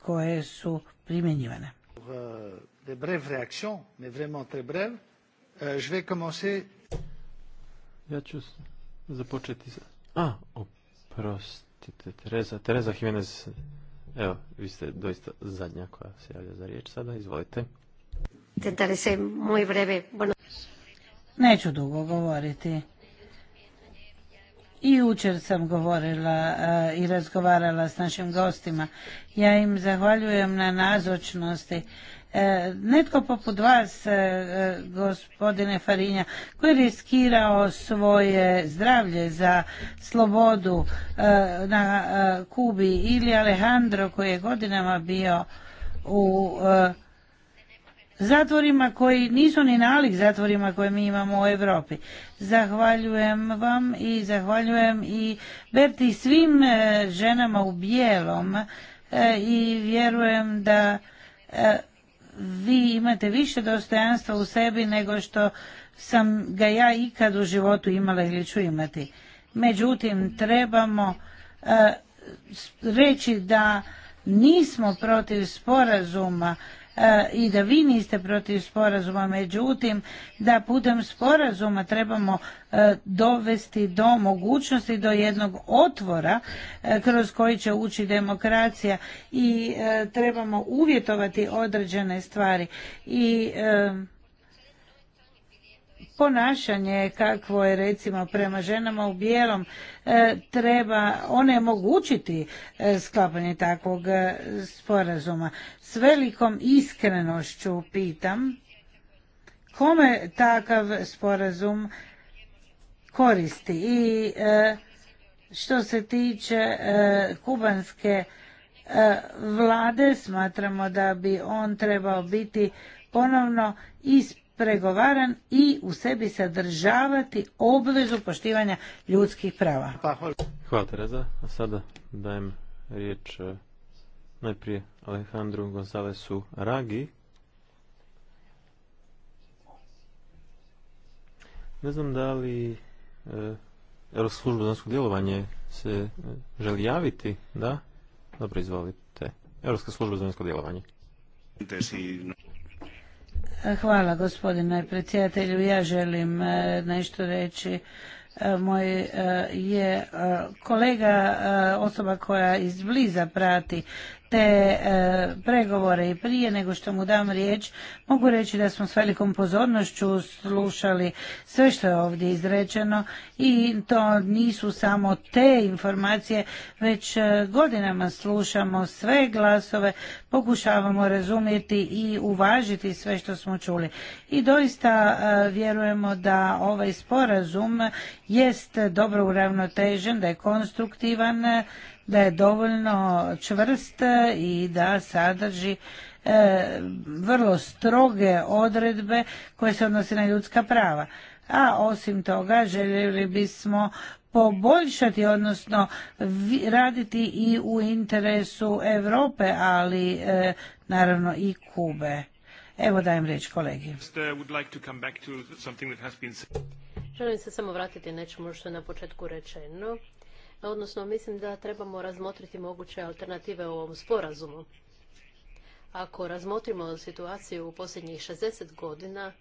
koje su primjenjivane. Euh, De brev réactions, mais vraiment très Euh, je vais commencer... Ja ću započeti sa... A, oprostite, Tereza, Tereza Jimenez, evo, vi ste doista zadnja koja se javlja za riječ sada, izvolite. se breve. Neću dugo govoriti. I učer sam govorila eh, i razgovarala s našim gostima. Ja im zahvaljujem na nazočnosti E, netko poput vas, e, e, gospodine Farinja, koji je riskirao svoje zdravlje za slobodu na Kubi ili Alejandro koji je godinama bio u zatvorima koji nisu ni nalik zatvorima koje mi imamo u Europi. Zahvaljujem vam i zahvaljujem i Berti svim ženama u bijelom i vjerujem da vi imate više dostojanstva u sebi nego što sam ga ja ikad u životu imala ili ću imati. Međutim, trebamo eh, reći da nismo protiv sporazuma E, i da vi niste protiv sporazuma, međutim da putem sporazuma trebamo e, dovesti do mogućnosti do jednog otvora e, kroz koji će ući demokracija i trebamo uvjetovati određene stvari i ponašanje kakvo je recimo prema ženama u bijelom e, treba onemogućiti e, sklapanje takvog e, sporazuma. S velikom iskrenošću pitam kome takav sporazum koristi i što se tiče kubanske vlade smatramo da bi on trebao biti ponovno iz pregovaran i u sebi sadržavati obvezu poštivanja ljudskih prava. Hvala Tereza. A sada dajem riječ e, najprije Alejandru Gonzalesu Ragi. Ne znam da li e, Europska služba za djelovanje se e, želi javiti, da? Dobro, izvolite. Europska služba za vanjsko djelovanje. Hvala gospodine predsjedatelju. Ja želim e, nešto reći. E, moj e, je kolega osoba koja izbliza prati te e, pregovore i prije nego što mu dam riječ mogu reći da smo s velikom pozornošću slušali sve što je ovdje izrečeno i to nisu samo te informacije već e, godinama slušamo sve glasove pokušavamo razumjeti i uvažiti sve što smo čuli i doista e, vjerujemo da ovaj sporazum jest dobro uravnotežen da je konstruktivan da je dovoljno čvrst i da sadrži e, vrlo stroge odredbe koje se odnose na ljudska prava. A osim toga željeli bismo poboljšati, odnosno raditi i u interesu Europe, ali e, naravno i Kube. Evo dajem riječ kolegi. Želim se samo vratiti nečemu što je na početku rečeno odnosno mislim da trebamo razmotriti moguće alternative u ovom sporazumu. Ako razmotrimo situaciju u posljednjih 60 godina,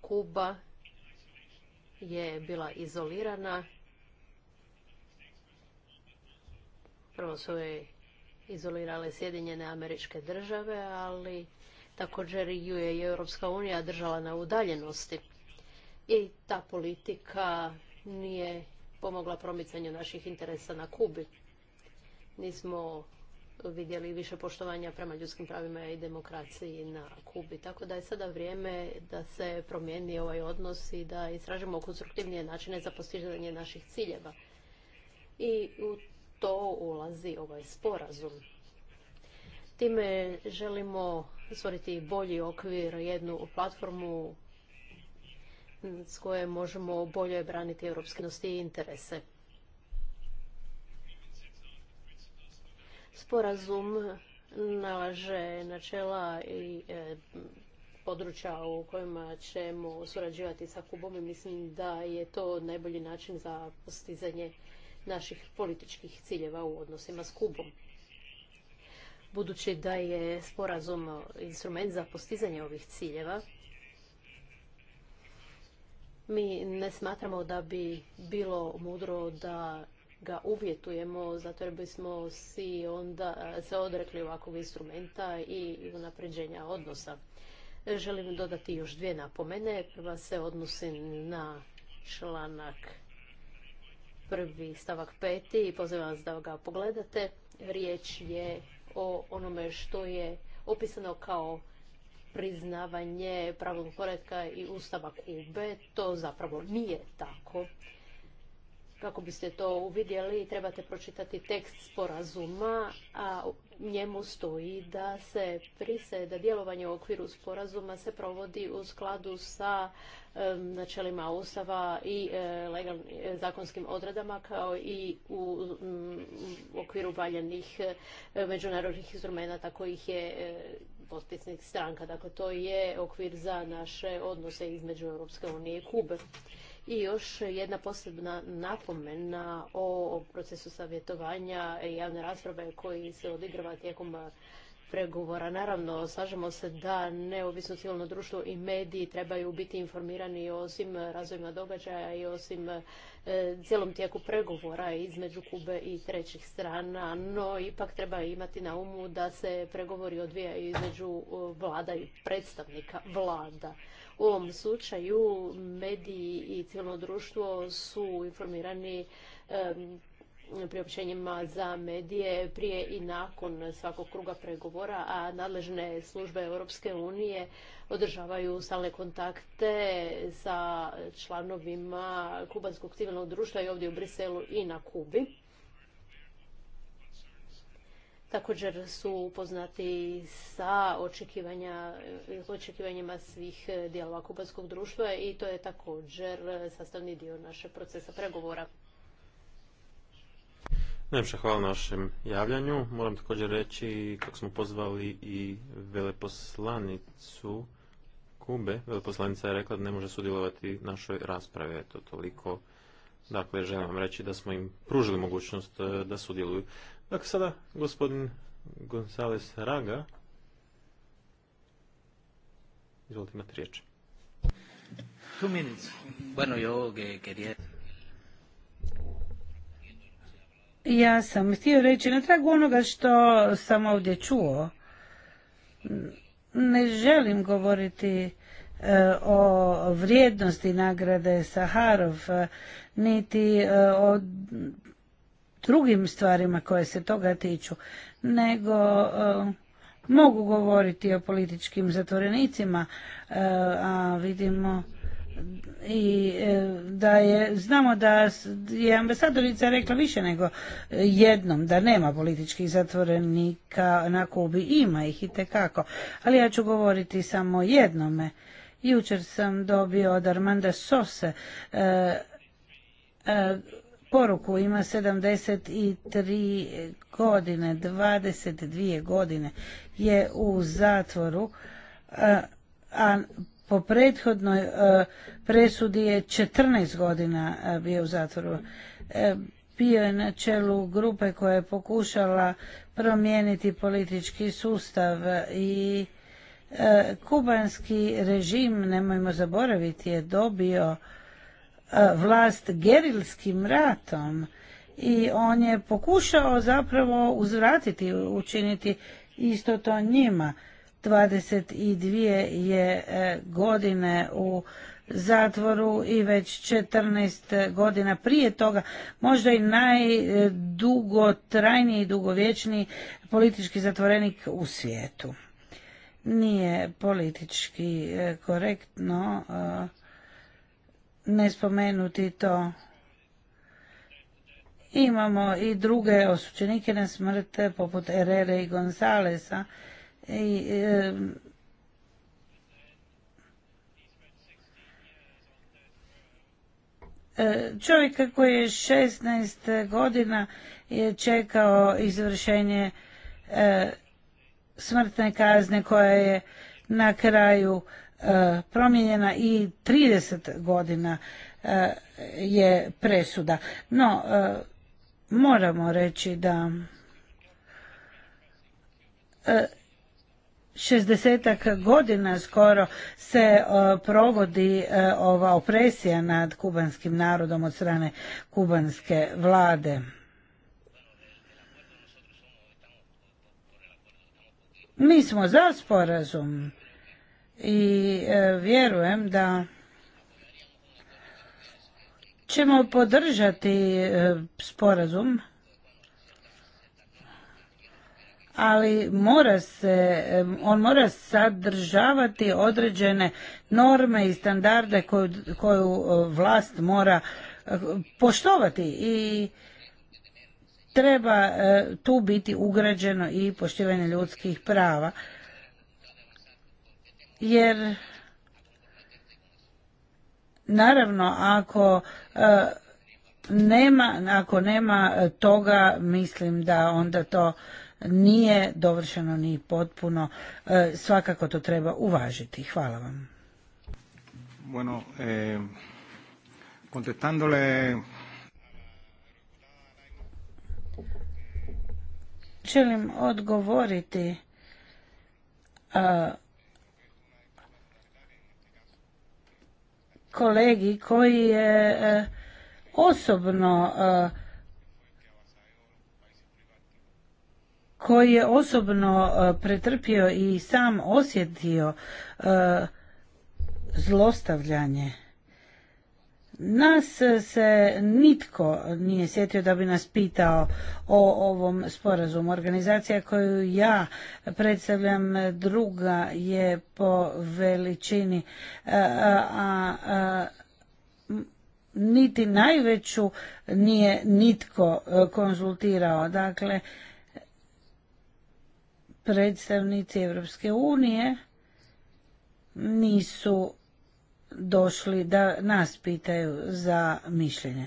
Kuba je bila izolirana. Prvo su je izolirale Sjedinjene američke države, ali također ju je i Europska unija držala na udaljenosti. I ta politika nije pomogla promicanju naših interesa na Kubi. Nismo vidjeli više poštovanja prema ljudskim pravima i demokraciji na Kubi. Tako da je sada vrijeme da se promijeni ovaj odnos i da istražimo konstruktivnije načine za postizanje naših ciljeva. I u to ulazi ovaj sporazum. Time želimo stvoriti bolji okvir, jednu platformu s koje možemo bolje braniti europske i interese. Sporazum nalaže načela i e, područja u kojima ćemo surađivati sa Kubom i mislim da je to najbolji način za postizanje naših političkih ciljeva u odnosima s Kubom. Budući da je sporazum instrument za postizanje ovih ciljeva, mi ne smatramo da bi bilo mudro da ga uvjetujemo, zato jer bismo si onda se odrekli ovakvog instrumenta i unapređenja odnosa. Želim dodati još dvije napomene. Prva se odnosi na članak prvi stavak peti i pozivam vas da ga pogledate. Riječ je o onome što je opisano kao priznavanje pravnog poredka i ustava Kube. To zapravo nije tako. Kako biste to uvidjeli, trebate pročitati tekst sporazuma, a njemu stoji da se prise, da djelovanje u okviru sporazuma se provodi u skladu sa načelima Ustava i e, e, zakonskim odredama kao i u, okviru valjenih e, međunarodnih instrumenta kojih je potpisnik stranka. Dakle, to je okvir za naše odnose između Europske unije i Kube. I još jedna posebna napomena o procesu savjetovanja i javne rasprave koji se odigrava tijekom pregovora. Naravno, slažemo se da neovisno civilno društvo i mediji trebaju biti informirani o svim razvojima događaja i o svim e, cijelom tijeku pregovora između Kube i trećih strana, no ipak treba imati na umu da se pregovori odvijaju između e, vlada i predstavnika vlada. U ovom slučaju mediji i civilno društvo su informirani e, priopćenjima za medije prije i nakon svakog kruga pregovora, a nadležne službe Europske unije održavaju stalne kontakte sa članovima Kubanskog civilnog društva i ovdje u Briselu i na Kubi. Također su upoznati sa očekivanjima svih dijelova kubanskog društva i to je također sastavni dio našeg procesa pregovora. Najljepša hvala našem javljanju. Moram također reći kako smo pozvali i veleposlanicu Kube. Veleposlanica je rekla da ne može sudjelovati našoj raspravi. Eto, toliko. Dakle, želim vam reći da smo im pružili mogućnost e, da sudjeluju. Dakle, sada gospodin Gonzales Raga. Izvolite imati riječ. Bueno, yo que Ja sam htio reći na tragu onoga što sam ovdje čuo. Ne želim govoriti e, o vrijednosti nagrade Saharov, niti e, o drugim stvarima koje se toga tiču, nego e, mogu govoriti o političkim zatvorenicima, a vidimo i e, da je, znamo da je ambasadorica rekla više nego e, jednom da nema političkih zatvorenika na Kubi, ima ih i tekako, ali ja ću govoriti samo jednome. Jučer sam dobio od Armanda Sose e, poruku, ima 73 godine, 22 godine je u zatvoru, a po prethodnoj e, presudi je 14 godina e, bio u zatvoru. E, bio je na čelu grupe koja je pokušala promijeniti politički sustav i kubanski režim, nemojmo zaboraviti, je dobio vlast gerilskim ratom i on je pokušao zapravo uzvratiti, učiniti isto to njima. 22 je e, godine u zatvoru i već 14 godina prije toga možda i najdugotrajniji i dugovječniji politički zatvorenik u svijetu. Nije politički e, korektno e, ne spomenuti to. Imamo i druge osučenike na smrt poput Herrera i Gonzalesa E, Čovjek koji je 16 godina je čekao izvršenje e, smrtne kazne koja je na kraju e, promijenjena i 30 godina je presuda. No, moramo reći da šestdesetak godina skoro se e, provodi e, ova opresija nad kubanskim narodom od strane kubanske vlade. Mi smo za sporazum i e, vjerujem da ćemo podržati sporazum ali mora se, on mora sadržavati određene norme i standarde koju, koju e, vlast mora e, poštovati i treba e, tu biti ugrađeno i poštivanje ljudskih prava. Jer naravno ako nema, ako nema toga mislim da onda to nije dovršeno ni potpuno. E, svakako to treba uvažiti. Hvala vam. Bueno, eh, Želim odgovoriti e, kolegi koji je e, osobno koji je osobno e, pretrpio i sam osjetio e, zlostavljanje. Nas se nitko nije sjetio da bi nas pitao o ovom sporazumu. Organizacija koju ja predstavljam druga je po veličini, e, a niti najveću nije nitko konzultirao. Dakle, predstavnici Europske unije nisu došli da nas pitaju za mišljenje.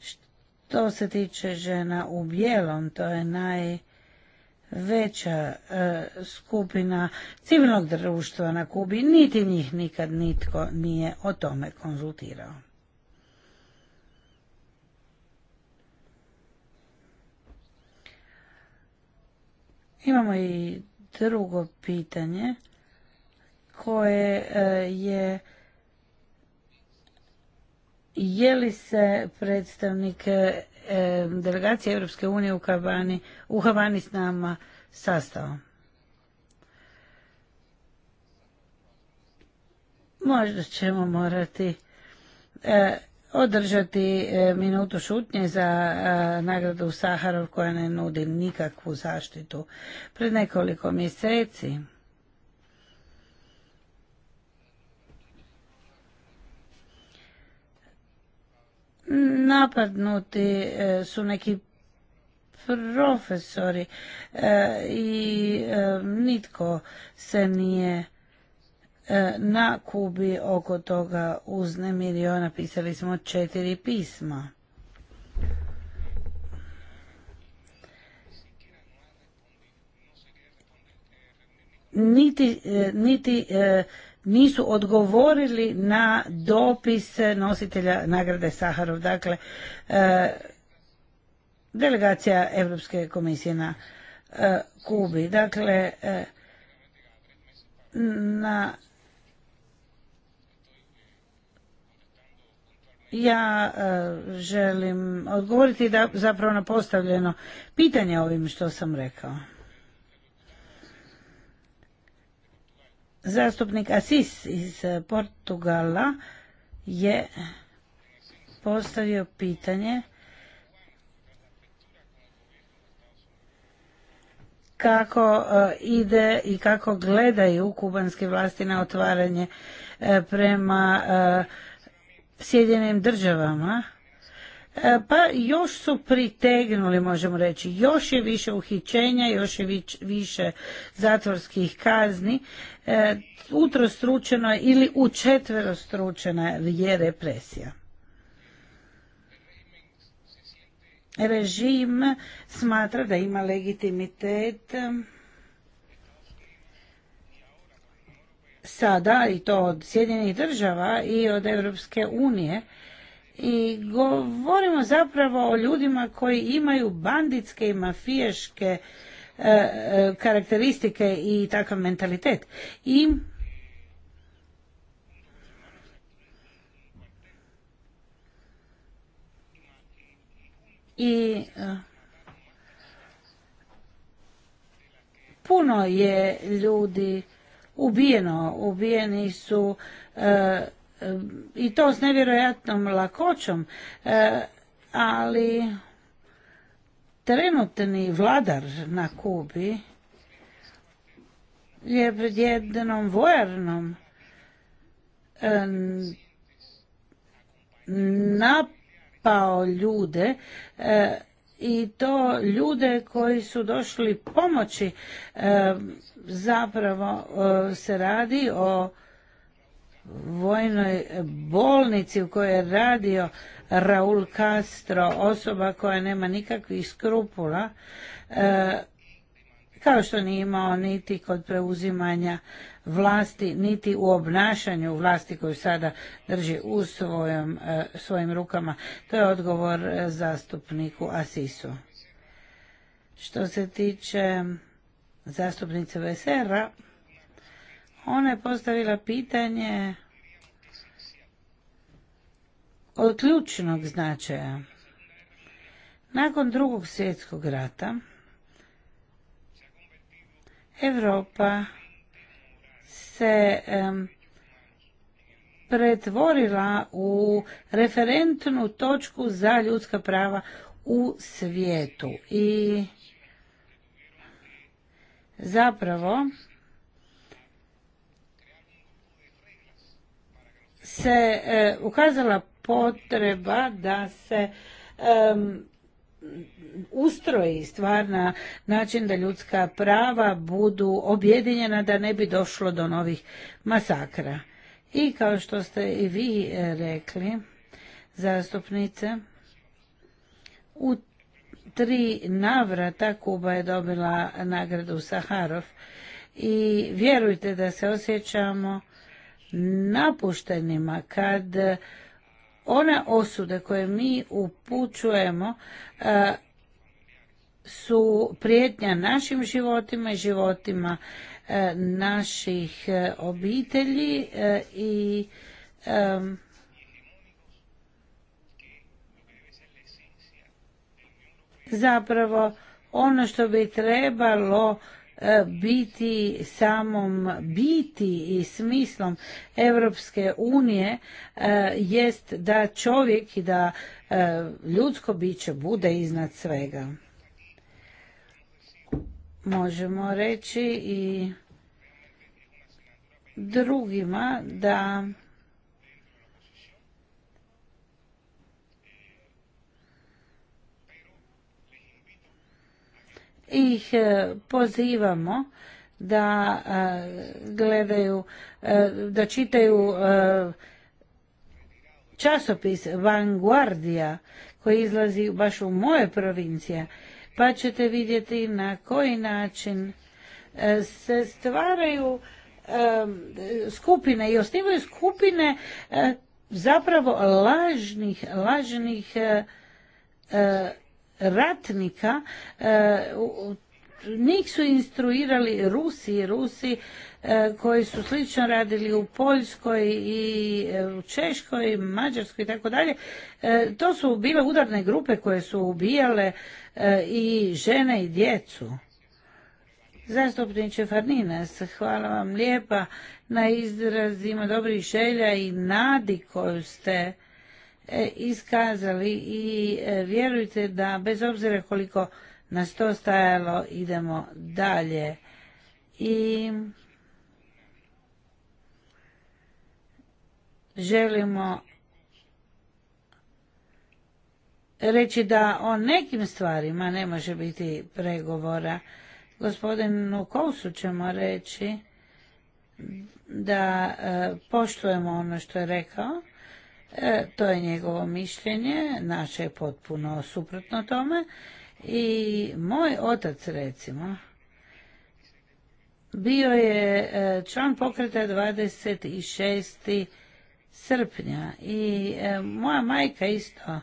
Što se tiče žena u bijelom, to je najveća e, skupina civilnog društva na Kubi, niti njih nikad nitko nije o tome konzultirao. Imamo i drugo pitanje koje e, je je li se predstavnik e, delegacije Europske unije u Havani, s nama sastao? Možda ćemo morati e, održati e, minutu šutnje za e, nagradu Saharov koja ne nudi nikakvu zaštitu. Pred nekoliko mjeseci napadnuti e, su neki profesori i nitko se nije E, na Kubi oko toga uznemirio, napisali smo četiri pisma. Niti, e, niti e, nisu odgovorili na dopis nositelja nagrade Saharov. Dakle, delegacija Europske komisije na Kubi. Dakle, na ja e, želim odgovoriti da zapravo na postavljeno pitanje ovim što sam rekao. Zastupnik Asis iz Portugala je postavio pitanje kako e, ide i kako gledaju kubanske vlasti na otvaranje e, prema Sjedinim državama, e, pa još su pritegnuli, možemo reći, još je više uhićenja, još je više zatvorskih kazni, e, utrostručeno ili u učetverostručena je represija. Režim smatra da ima legitimitet sada i to od Sjedinjenih država i od Europske unije i govorimo zapravo o ljudima koji imaju banditske i mafijaške e, e, karakteristike i takav mentalitet. I i e, puno je ljudi ubijeno. Ubijeni su e, e, i to s nevjerojatnom lakoćom, e, ali trenutni vladar na Kubi je pred jednom vojarnom e, napao ljude i to ljude koji su došli pomoći e, zapravo e, se radi o vojnoj bolnici u kojoj je radio Raul Castro osoba koja nema nikakvih skrupula e, kao što nije imao niti kod preuzimanja vlasti niti u obnašanju vlasti koju sada drži u e, svojim rukama. To je odgovor e, zastupniku Asisu. Što se tiče zastupnice Vesera, ona je postavila pitanje od ključnog značaja. Nakon drugog svjetskog rata Europa se pretvorila u referentnu točku za ljudska prava u svijetu i zapravo se eh, ukazala potreba da se ustroji stvar na način da ljudska prava budu objedinjena da ne bi došlo do novih masakra. I kao što ste i vi e, rekli, zastupnice, u tri navrata Kuba je dobila nagradu Saharov i vjerujte da se osjećamo napuštenima kad one osude koje mi upućujemo e, su prijetnja našim životima i životima e, naših e, obitelji i zapravo ono što bi trebalo E, biti samom biti i smislom Europske unije e, jest da čovjek i da e, ljudsko biće bude iznad svega. Možemo reći i drugima da ih e, pozivamo da e, gledaju, e, da čitaju časopis Vanguardija koji izlazi baš u moje provincije, pa ćete vidjeti na koji način se stvaraju skupine i osnivaju skupine zapravo lažnih, lažnih ratnika e, njih su instruirali Rusi i Rusi e, koji su slično radili u Poljskoj i e, u Češkoj, Mađarskoj i tako dalje. To su bile udarne grupe koje su ubijale i žene i djecu. Zastupniče Farninas, hvala vam lijepa na izrazima dobrih želja i nadi koju ste E, iskazali i e, vjerujte da bez obzira koliko nas to stajalo idemo dalje i želimo reći da o nekim stvarima ne može biti pregovora. Gospodinu Kousu ćemo reći da e, poštujemo ono što je rekao E, to je njegovo mišljenje, naše je potpuno suprotno tome. I moj otac, recimo, bio je e, član pokreta 26. srpnja i e, moja majka isto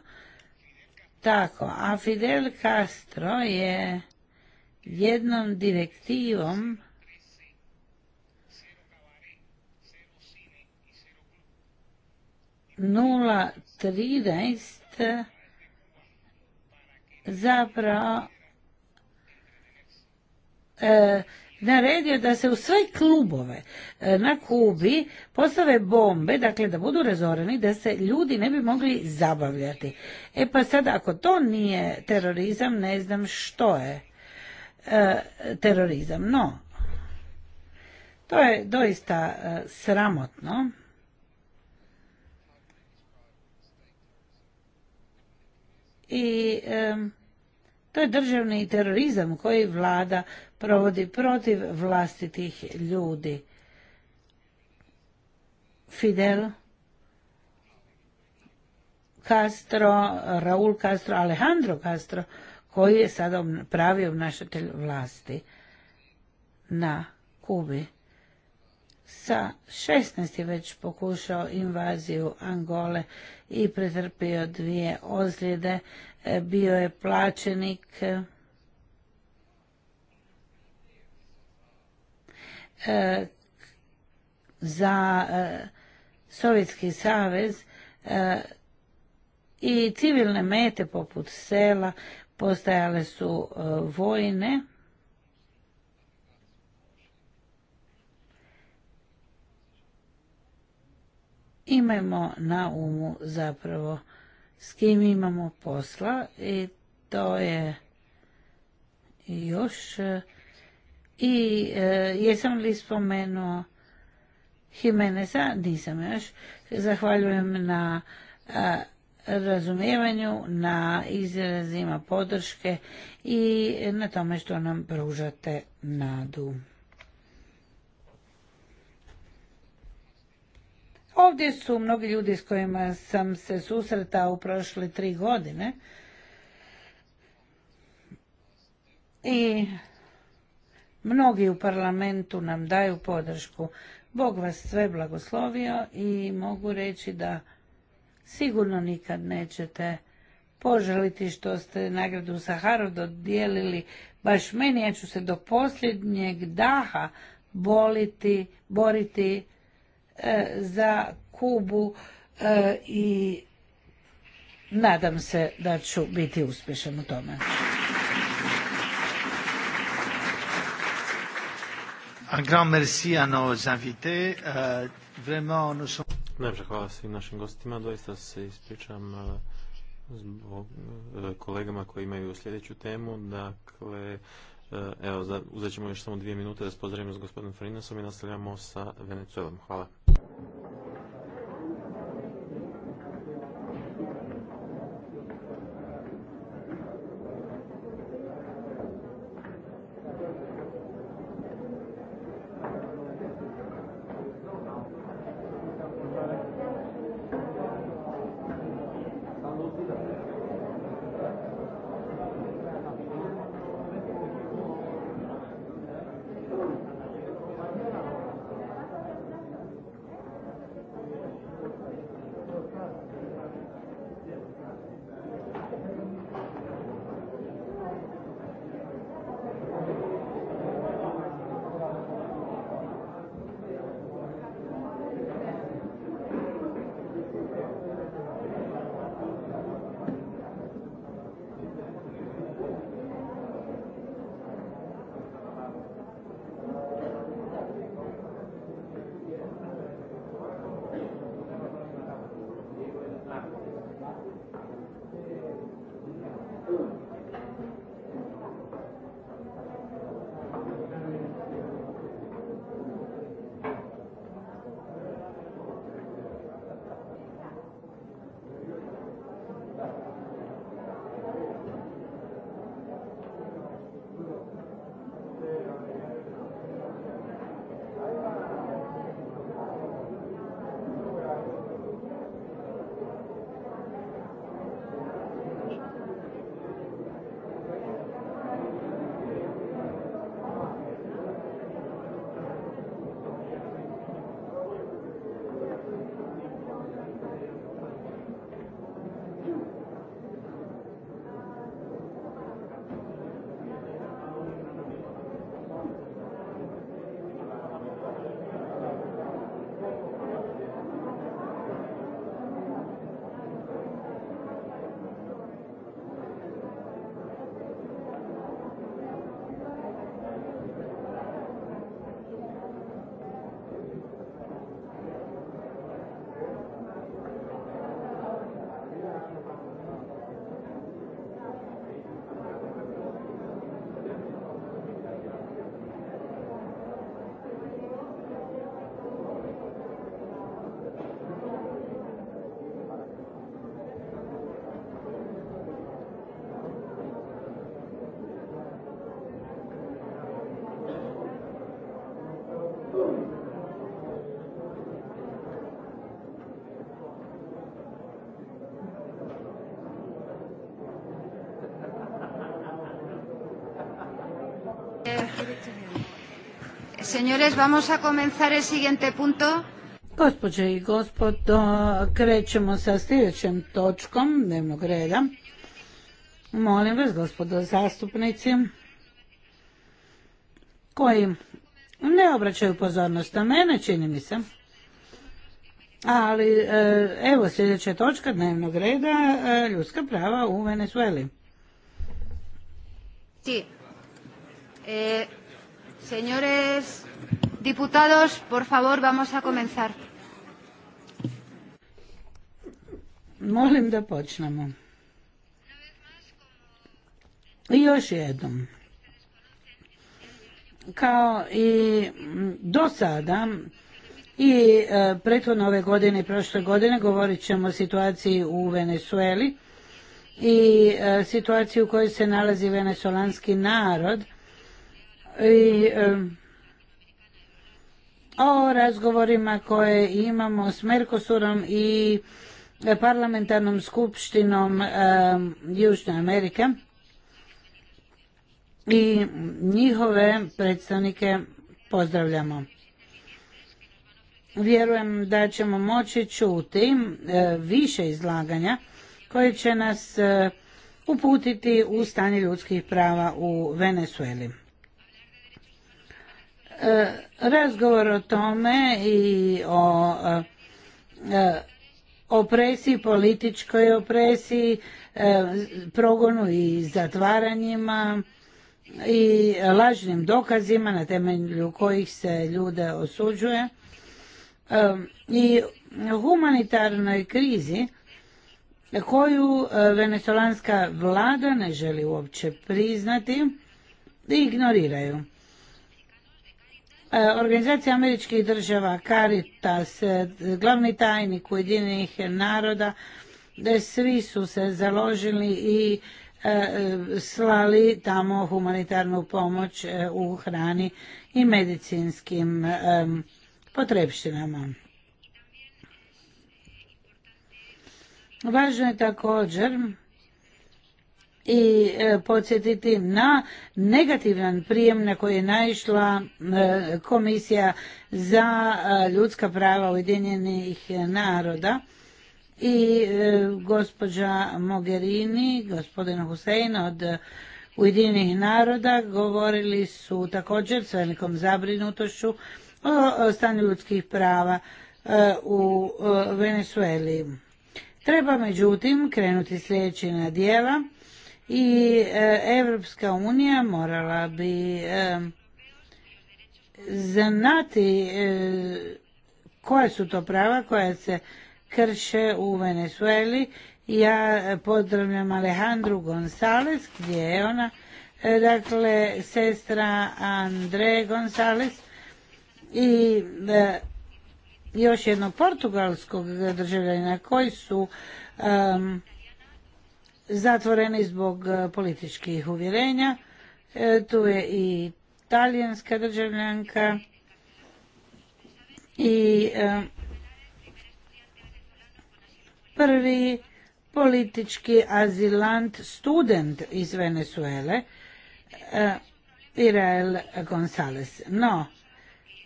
tako. A Fidel Castro je jednom direktivom 0,13 zapravo e, naredio da se u sve klubove e, na Kubi postave bombe, dakle da budu razoreni, da se ljudi ne bi mogli zabavljati. E pa sad, ako to nije terorizam, ne znam što je e, terorizam. No, to je doista sramotno. i to je državni terorizam koji vlada provodi protiv vlastitih ljudi. Fidel Castro, Raul Castro, Alejandro Castro, koji je sada pravi obnašatelj vlasti na Kubi sa 16 je već pokušao invaziju Angole i pretrpio dvije ozljede. E, bio je plaćenik e, za e, Sovjetski savez i civilne mete poput sela postajale su vojne imajmo na umu zapravo s kim imamo posla i to je još e, i e, jesam li spomenuo Jimeneza, nisam još. Zahvaljujem na e, razumijevanju, na izrazima podrške i na tome što nam pružate nadu. Ovdje su mnogi ljudi s kojima sam se susretao u prošle tri godine. I mnogi u parlamentu nam daju podršku. Bog vas sve blagoslovio i mogu reći da sigurno nikad nećete poželiti što ste nagradu Saharu dodijelili baš meni. Ja ću se do posljednjeg daha boliti, boriti E, za Kubu e, i nadam se da ću biti uspješan u tome. Un grand merci à nos invités. Euh, vraiment, Najprej hvala svim našim gostima. Doista se ispričam e, kolegama koji imaju sljedeću temu. Dakle, E, evo, uzet ćemo još samo dvije minute da se pozdravimo s gospodinom frinesom i nastavljamo sa Venezuelom. Hvala. Señores, vamos a comenzar el siguiente punto. Gospođe i gospodo, krećemo sa sljedećem točkom dnevnog reda. Molim vas, gospodo zastupnici, koji ne obraćaju pozornost na mene, čini mi se. Ali e, evo sljedeća točka dnevnog reda, e, ljudska prava u Venezueli. Ti. Eh, Señores diputados, por favor, vamos a comenzar. Molim da počnemo. I još jednom. Kao i do sada, i e, prethodno ove godine i prošle godine govorit ćemo o situaciji u Venezueli i e, situaciji u kojoj se nalazi venezolanski narod i o razgovorima koje imamo s Mercosurom i parlamentarnom skupštinom Južne Amerike i njihove predstavnike pozdravljamo. Vjerujem da ćemo moći čuti više izlaganja koje će nas uputiti u stanje ljudskih prava u Venezueli. E, razgovor o tome i o e, e, opresiji, političkoj opresiji, progonu i zatvaranjima i lažnim dokazima na temelju kojih se ljude osuđuje i humanitarnoj krizi koju venezolanska vlada ne želi uopće priznati i ignoriraju. E, Organizacija američkih država, Caritas, e, glavni tajnik Ujedinjenih naroda, e, svi su se založili i slali tamo humanitarnu pomoć u hrani i medicinskim potrebštinama. Važno je također i e, podsjetiti na negativan prijem na koji je naišla e, komisija za e, ljudska prava Ujedinjenih naroda i gospođa Mogherini, gospodin Husein od Ujedinjenih naroda govorili su također s velikom zabrinutošću o stanju ljudskih prava u Venezueli. Treba međutim krenuti sljedeći na dijela i e, Evropska unija morala bi e, znati e, koja su to prava koja se krše u Venezueli. Ja pozdravljam Alejandru González, gdje je ona, dakle, sestra Andre Gonzalez i još jednog portugalskog državljana koji su zatvoreni zbog e, političkih uvjerenja. E, tu je i talijanska državljanka i e, prvi politički azilant student iz Venezuele, Irael Gonzales. No,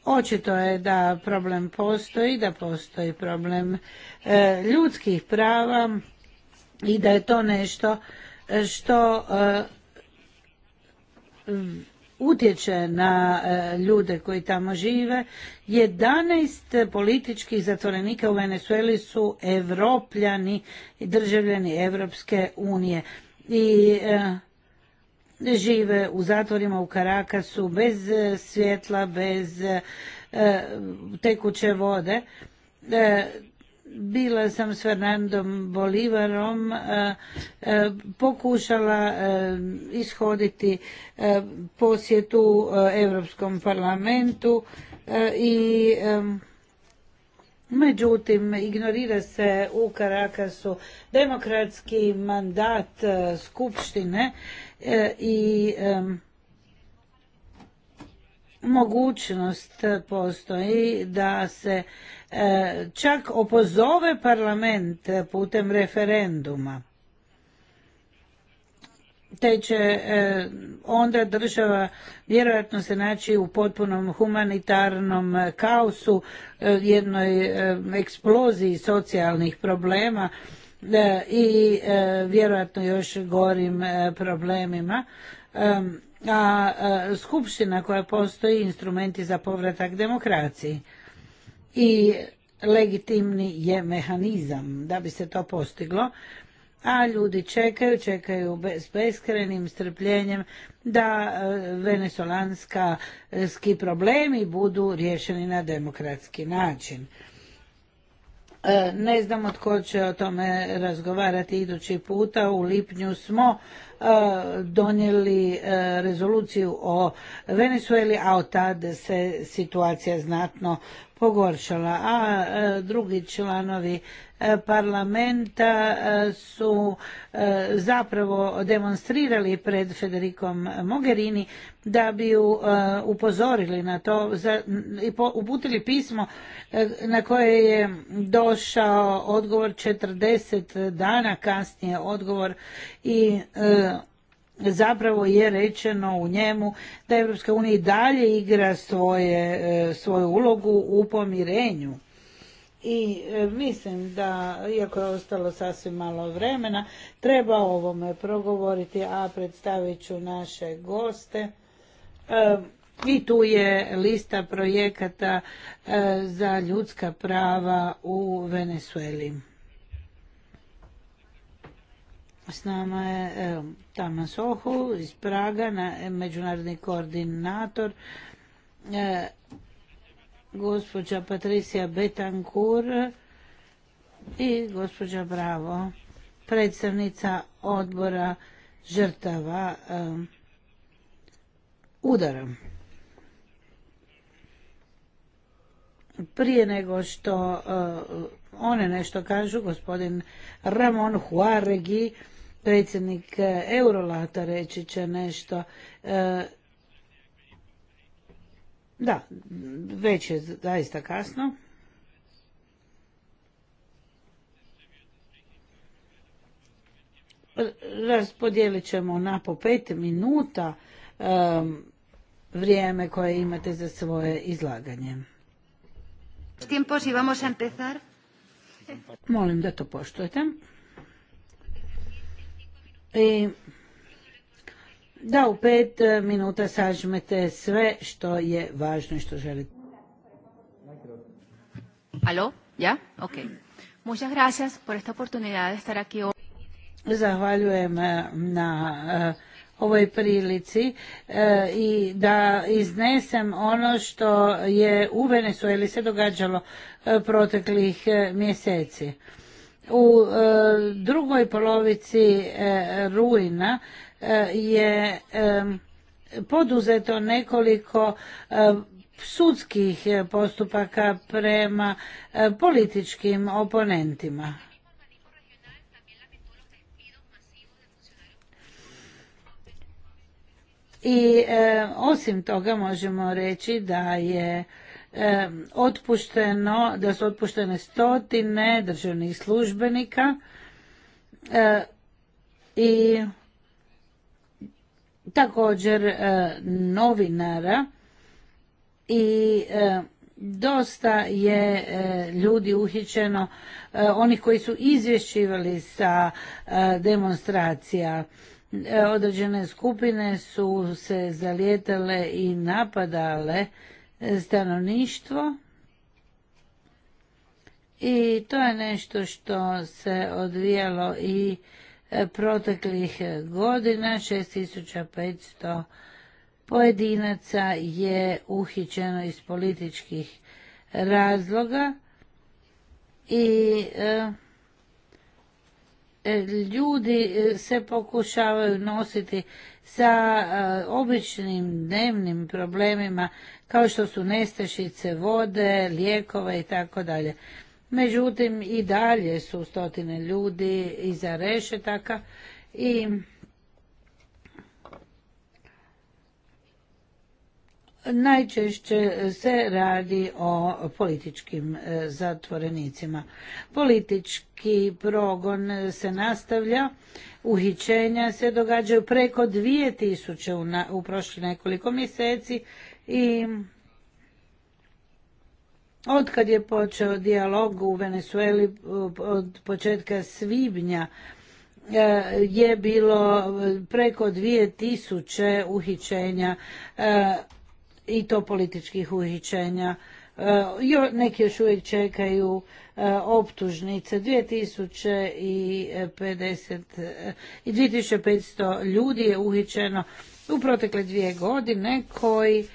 očito je da problem postoji, da postoji problem ljudskih prava, i da je to nešto e, što e, utječe na e, ljude koji tamo žive. 11 političkih zatvorenika u Venezueli su evropljani i državljani Evropske unije. I žive u zatvorima u Karakasu bez svjetla, bez tekuće vode bila sam s Fernandom Bolivarom, e, e, pokušala e, ishoditi posjetu Europskom parlamentu i međutim ignorira se u Karakasu demokratski mandat skupštine i mogućnost postoji da se e, čak opozove parlament putem referenduma te će e, onda država vjerojatno se naći u potpunom humanitarnom kaosu, e, jednoj eksploziji socijalnih problema i vjerojatno još gorim problemima a skupština koja postoji instrumenti za povratak demokraciji i legitimni je mehanizam da bi se to postiglo a ljudi čekaju, čekaju s beskrenim strpljenjem da e, venezolanski e, problemi budu riješeni na demokratski način. E, ne znamo tko će o tome razgovarati idući puta. U lipnju smo E, donijeli e, rezoluciju o Venezueli, a od tad se situacija znatno pogoršala. A e, drugi članovi parlamenta su zapravo demonstrirali pred Federikom Mogherini da bi ju upozorili na to i uputili pismo na koje je došao odgovor 40 dana kasnije odgovor i zapravo je rečeno u njemu da Europska unija i dalje igra svoje, e, svoju ulogu u pomirenju. I e, mislim da, iako je ostalo sasvim malo vremena, treba o ovome progovoriti, a predstavit ću naše goste. E, I tu je lista projekata za ljudska prava u Venezueli. S nama je Tama Sohu iz Praga, na, međunarodni koordinator, e, gospođa Patricija Betankur i gospođa Bravo, predstavnica odbora žrtava Udaram. E, udara. Prije nego što e, one nešto kažu, gospodin Ramon Huaregi, predsjednik e, Eurolata reći će nešto. E, da, već je zaista kasno. Raspodijelit ćemo na po pet minuta e, vrijeme koje imate za svoje izlaganje. Tiempo Molim da to poštujete i da u pet e, minuta sažmete sve što je važno i što želite. Alo, ja? Ok. Muchas gracias por esta oportunidad de estar aquí hoy. Zahvaljujem e, na e, ovoj prilici i da iznesem ono što je u Venezueli se događalo proteklih mjeseci. U e, drugoj polovici e, rujna e, je poduzeto nekoliko sudskih postupaka prema političkim oponentima. I osim toga možemo reći da je otpušteno, da su otpuštene stotine državnih službenika e, i također e, novinara i e, dosta je ljudi uhićeno onih koji su izvješćivali sa demonstracija određene skupine su se zalijetale i napadale stanovništvo i to je nešto što se odvijalo i e, proteklih godina 6500 pojedinaca je uhićeno iz političkih razloga i e, E, ljudi e, se pokušavaju nositi sa e, običnim dnevnim problemima kao što su nestašice vode, lijekova i tako dalje. Međutim i dalje su stotine ljudi iza rešetaka i najčešće se radi o političkim e, zatvorenicima. Politički progon se nastavlja, uhićenja se događaju preko 2000 u, u prošli nekoliko mjeseci i od kad je počeo dijalog u Venezueli e, od početka svibnja e, je bilo preko 2000 uhićenja i to političkih uhićenja. E, neki još uvijek čekaju e, optužnice. 2050 i 2500 e, ljudi je uhićeno u protekle dvije godine koji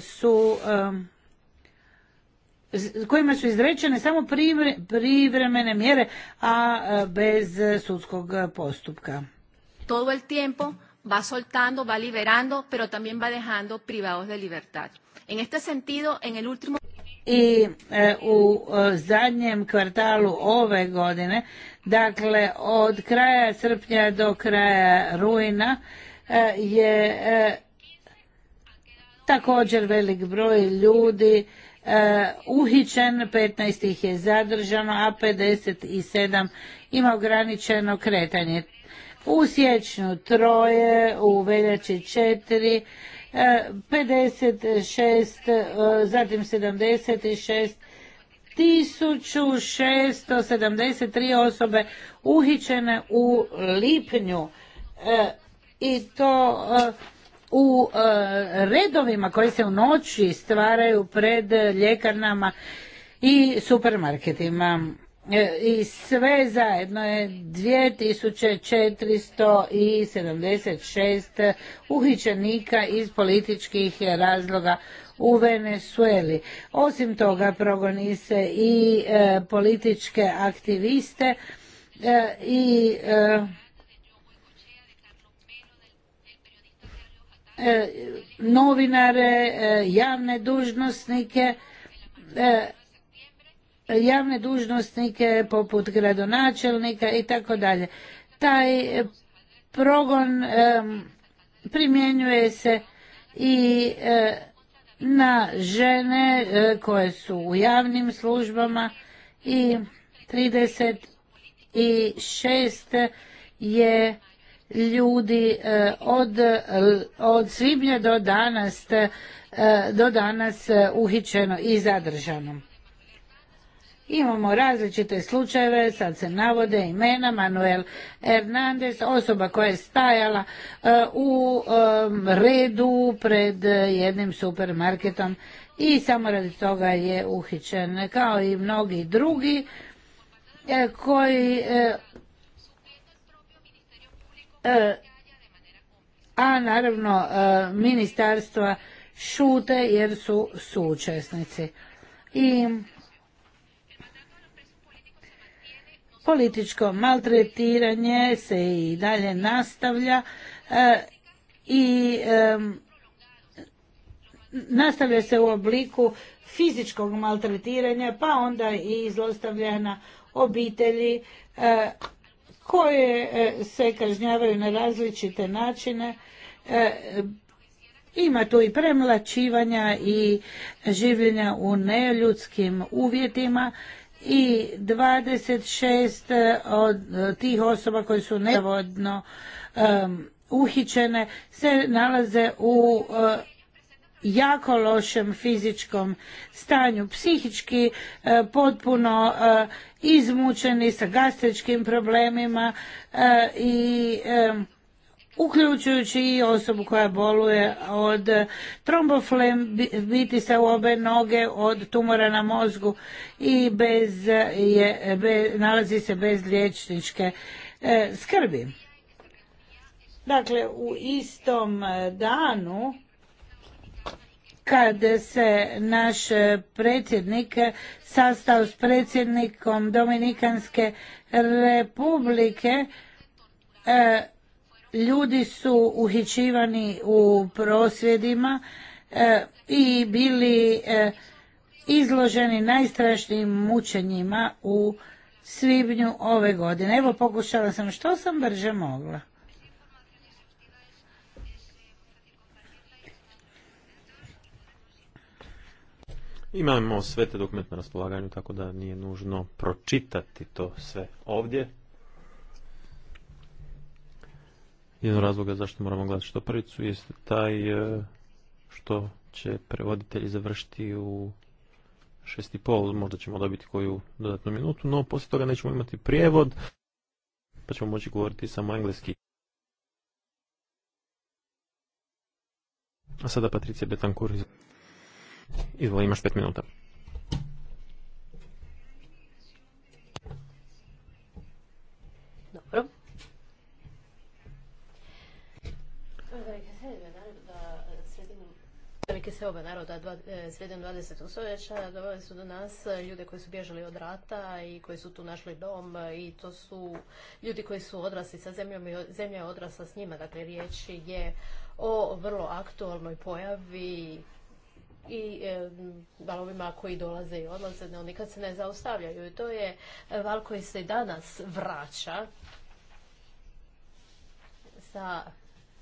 su kojima su izrečene samo privremene mjere, a bez sudskog postupka. Todo el tiempo va soltando, va liberando, pero también va dejando privados de libertad. En este sentido, en el último i e, u e, zadnjem kvartalu ove godine, dakle od kraja srpnja do kraja rujna e, je e, također velik broj ljudi e, uhićen, 15 ih je zadržano, a 57 ima ograničeno kretanje u siječnju troje, u veljači četiri, 56, e, e, zatim 76, 1673 osobe uhićene u lipnju e, i to u redovima koji se u noći stvaraju pred ljekarnama i supermarketima. E, i sve zajedno je 2476 uhičenika iz političkih razloga u Venezueli. Osim toga progoni se i e, političke aktiviste e, i novinare, javne dužnosnike, javne dužnosnike poput gradonačelnika i tako dalje. Taj progon primjenjuje se i e, na žene e, koje su u javnim službama i 36 je ljudi e, od, od svibnja do danas, do danas uhićeno i zadržano. Imamo različite slučajeve, sad se navode imena, Manuel Hernandez, osoba koja je stajala eh, u redu pred jednim supermarketom i samo radi toga je uhićen, kao i mnogi drugi eh, koji eh, a naravno ministarstva šute jer su sučesnici. I Političko maltretiranje se i dalje nastavlja e, i e, nastavlja se u obliku fizičkog maltretiranja, pa onda i zlostavljanja obitelji e, koje se kažnjavaju na različite načine. Ima tu i premlačivanja i življenja u neljudskim uvjetima i 26 eh, od eh, tih osoba koje su nevodno um, se nalaze u eh, jako lošem fizičkom stanju, psihički potpuno izmučeni sa gastričkim problemima i uključujući i osobu koja boluje od se u obe noge, od tumora na mozgu i bez, je, nalazi se bez liječničke e, skrbi. Dakle, u istom danu kad se naš predsjednik sastao s predsjednikom Dominikanske republike, e, ljudi su uhićivani u prosvjedima e, i bili e, izloženi najstrašnijim mučenjima u svibnju ove godine. Evo pokušala sam što sam brže mogla. Imamo sve te dokumente na raspolaganju, tako da nije nužno pročitati to sve ovdje. Jedan razloga zašto moramo gledati što prvicu je taj e, što će prevoditelji završiti u šest i pol, možda ćemo dobiti koju dodatnu minutu, no poslije toga nećemo imati prijevod, pa ćemo moći govoriti samo engleski. A sada Patricija Betancourt. Izvoli, imaš pet minuta. predstavnike se naroda e, sredem 20. stoljeća doveli su do nas e, ljude koji su bježali od rata i koji su tu našli dom e, i to su ljudi koji su odrasli sa zemljom i zemlja je odrasla s njima. Dakle, riječ je o vrlo aktualnoj pojavi i valovima koji dolaze i odlaze, no nikad se ne zaustavljaju. I to je val koji se i danas vraća sa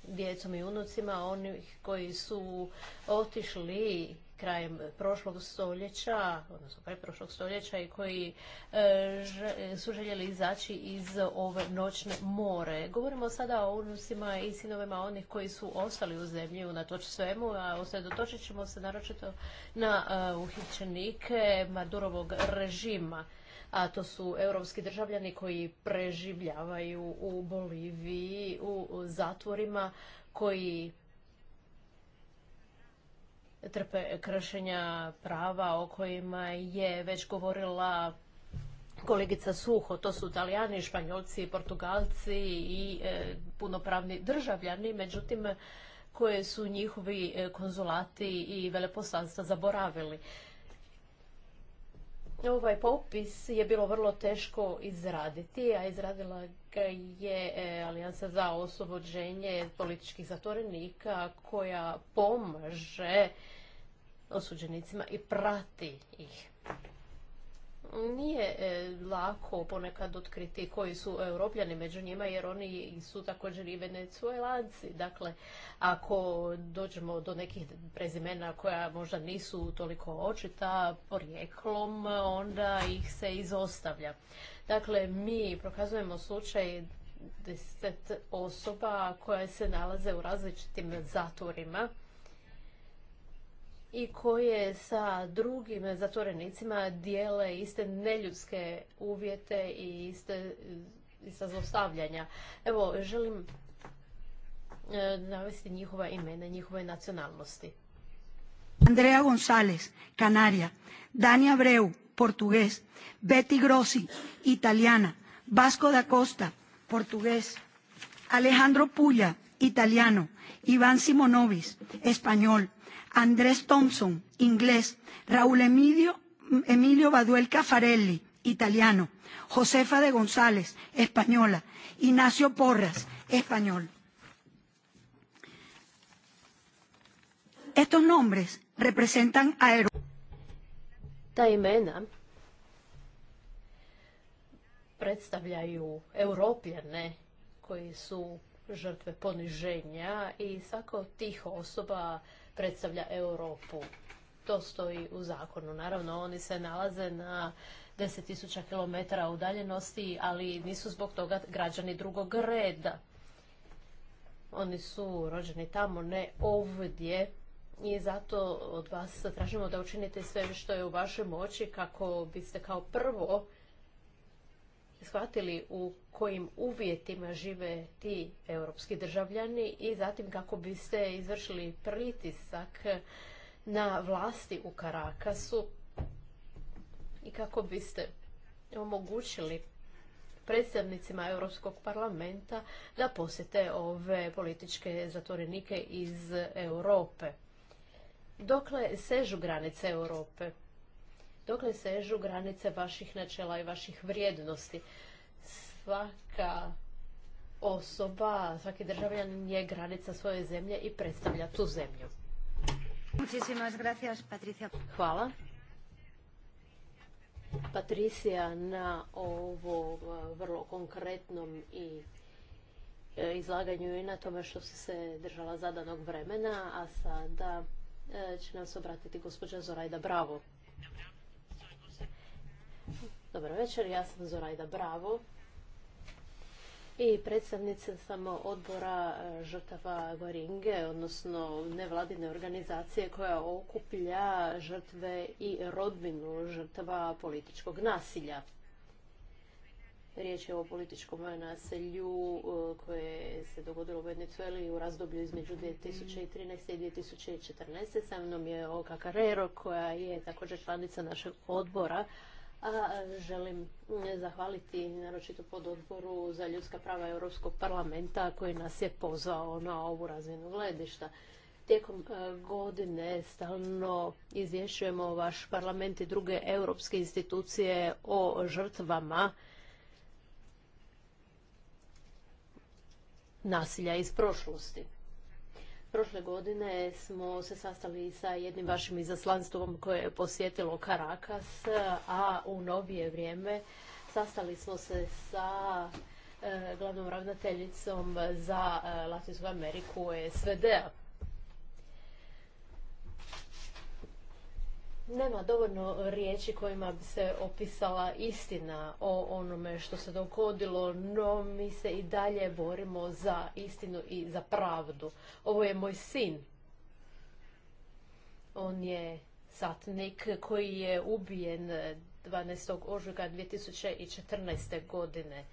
djecom i unucima onih koji su otišli krajem prošlog stoljeća, odnosno prošlog stoljeća i koji e, su željeli izaći iz ove noćne more. Govorimo sada o unucima i sinovima onih koji su ostali u zemlji unatoč svemu, a osredotočit ćemo se naročito na e, uhićenike Madurovog režima a to su europski državljani koji preživljavaju u Boliviji, u zatvorima, koji trpe kršenja prava o kojima je već govorila kolegica Suho, to su Italijani, Španjolci, Portugalci i e, punopravni državljani, međutim koje su njihovi e, konzulati i veleposlanstva zaboravili. Ovaj popis je bilo vrlo teško izraditi, a izradila ga je e, Alijansa za oslobođenje političkih zatvorenika koja pomaže osuđenicima i prati ih. Nije e, lako ponekad otkriti koji su europljani među njima jer oni su također i venecuelanci. Dakle, ako dođemo do nekih prezimena koja možda nisu toliko očita porijeklom, onda ih se izostavlja. Dakle, mi prokazujemo slučaj deset osoba koje se nalaze u različitim zatvorima i koje sa drugim zatvorenicima dijele iste neljudske uvjete i iste ista zlostavljanja. Evo, želim e, navesti njihova imena, njihove nacionalnosti. Andrea González, Canaria, Dani Breu, Portugues. Betty Grossi, italiana, Vasco da Costa, portugués, Alejandro Puya, italiano, Ivan Simonovis, español, Andrés Thompson, inglés, Raúl Emilio, Emilio Baduel Cafarelli, italiano, Josefa de González, española, Ignacio Porras, español. Estos nombres representan a Ta imena predstavljaju europljane koji su žrtve poniženja i svako od tih osoba predstavlja Europu. To stoji u zakonu. Naravno, oni se nalaze na tisuća km udaljenosti, ali nisu zbog toga građani drugog reda. Oni su rođeni tamo, ne ovdje. I zato od vas tražimo da učinite sve što je u vašoj moći kako biste kao prvo shvatili u kojim uvjetima žive ti europski državljani i zatim kako biste izvršili pritisak na vlasti u Karakasu i kako biste omogućili predstavnicima Europskog parlamenta da posjete ove političke zatvorenike iz Europe. Dokle sežu granice Europe? dokle sežu granice vaših načela i vaših vrijednosti. Svaka osoba, svaki državljan je granica svoje zemlje i predstavlja tu zemlju. Hvala. Patricija na ovo vrlo konkretnom i e, izlaganju i na tome što se se držala zadanog vremena, a sada e, će nam se obratiti gospođa Zorajda Bravo. Dobar večer, ja sam Zorajda Bravo i predstavnica sam odbora e, žrtava Goringe, odnosno nevladine organizacije koja okuplja žrtve i rodbinu žrtava političkog nasilja. Riječ je o političkom nasilju e, koje se dogodilo u Venezueli u razdoblju između 2013. i 2014. Sa mnom je Oka Carrero koja je također članica našeg odbora a e, želim zahvaliti naročito pod odboru za ljudska prava Europskog parlamenta koji nas je pozvao na ovu razinu gledišta. Tijekom e, godine stalno izvješćujemo vaš parlament i druge europske institucije o žrtvama nasilja iz prošlosti. Prošle godine smo se sastali sa jednim vašim izaslanstvom koje je posjetilo Karakas, a u novije vrijeme sastali smo se sa eh, glavnom ravnateljicom za eh, Latinsku Ameriku SVD-a. nema dovoljno riječi kojima bi se opisala istina o onome što se dogodilo, no mi se i dalje borimo za istinu i za pravdu. Ovo je moj sin. On je satnik koji je ubijen 12. ožujka 2014. godine.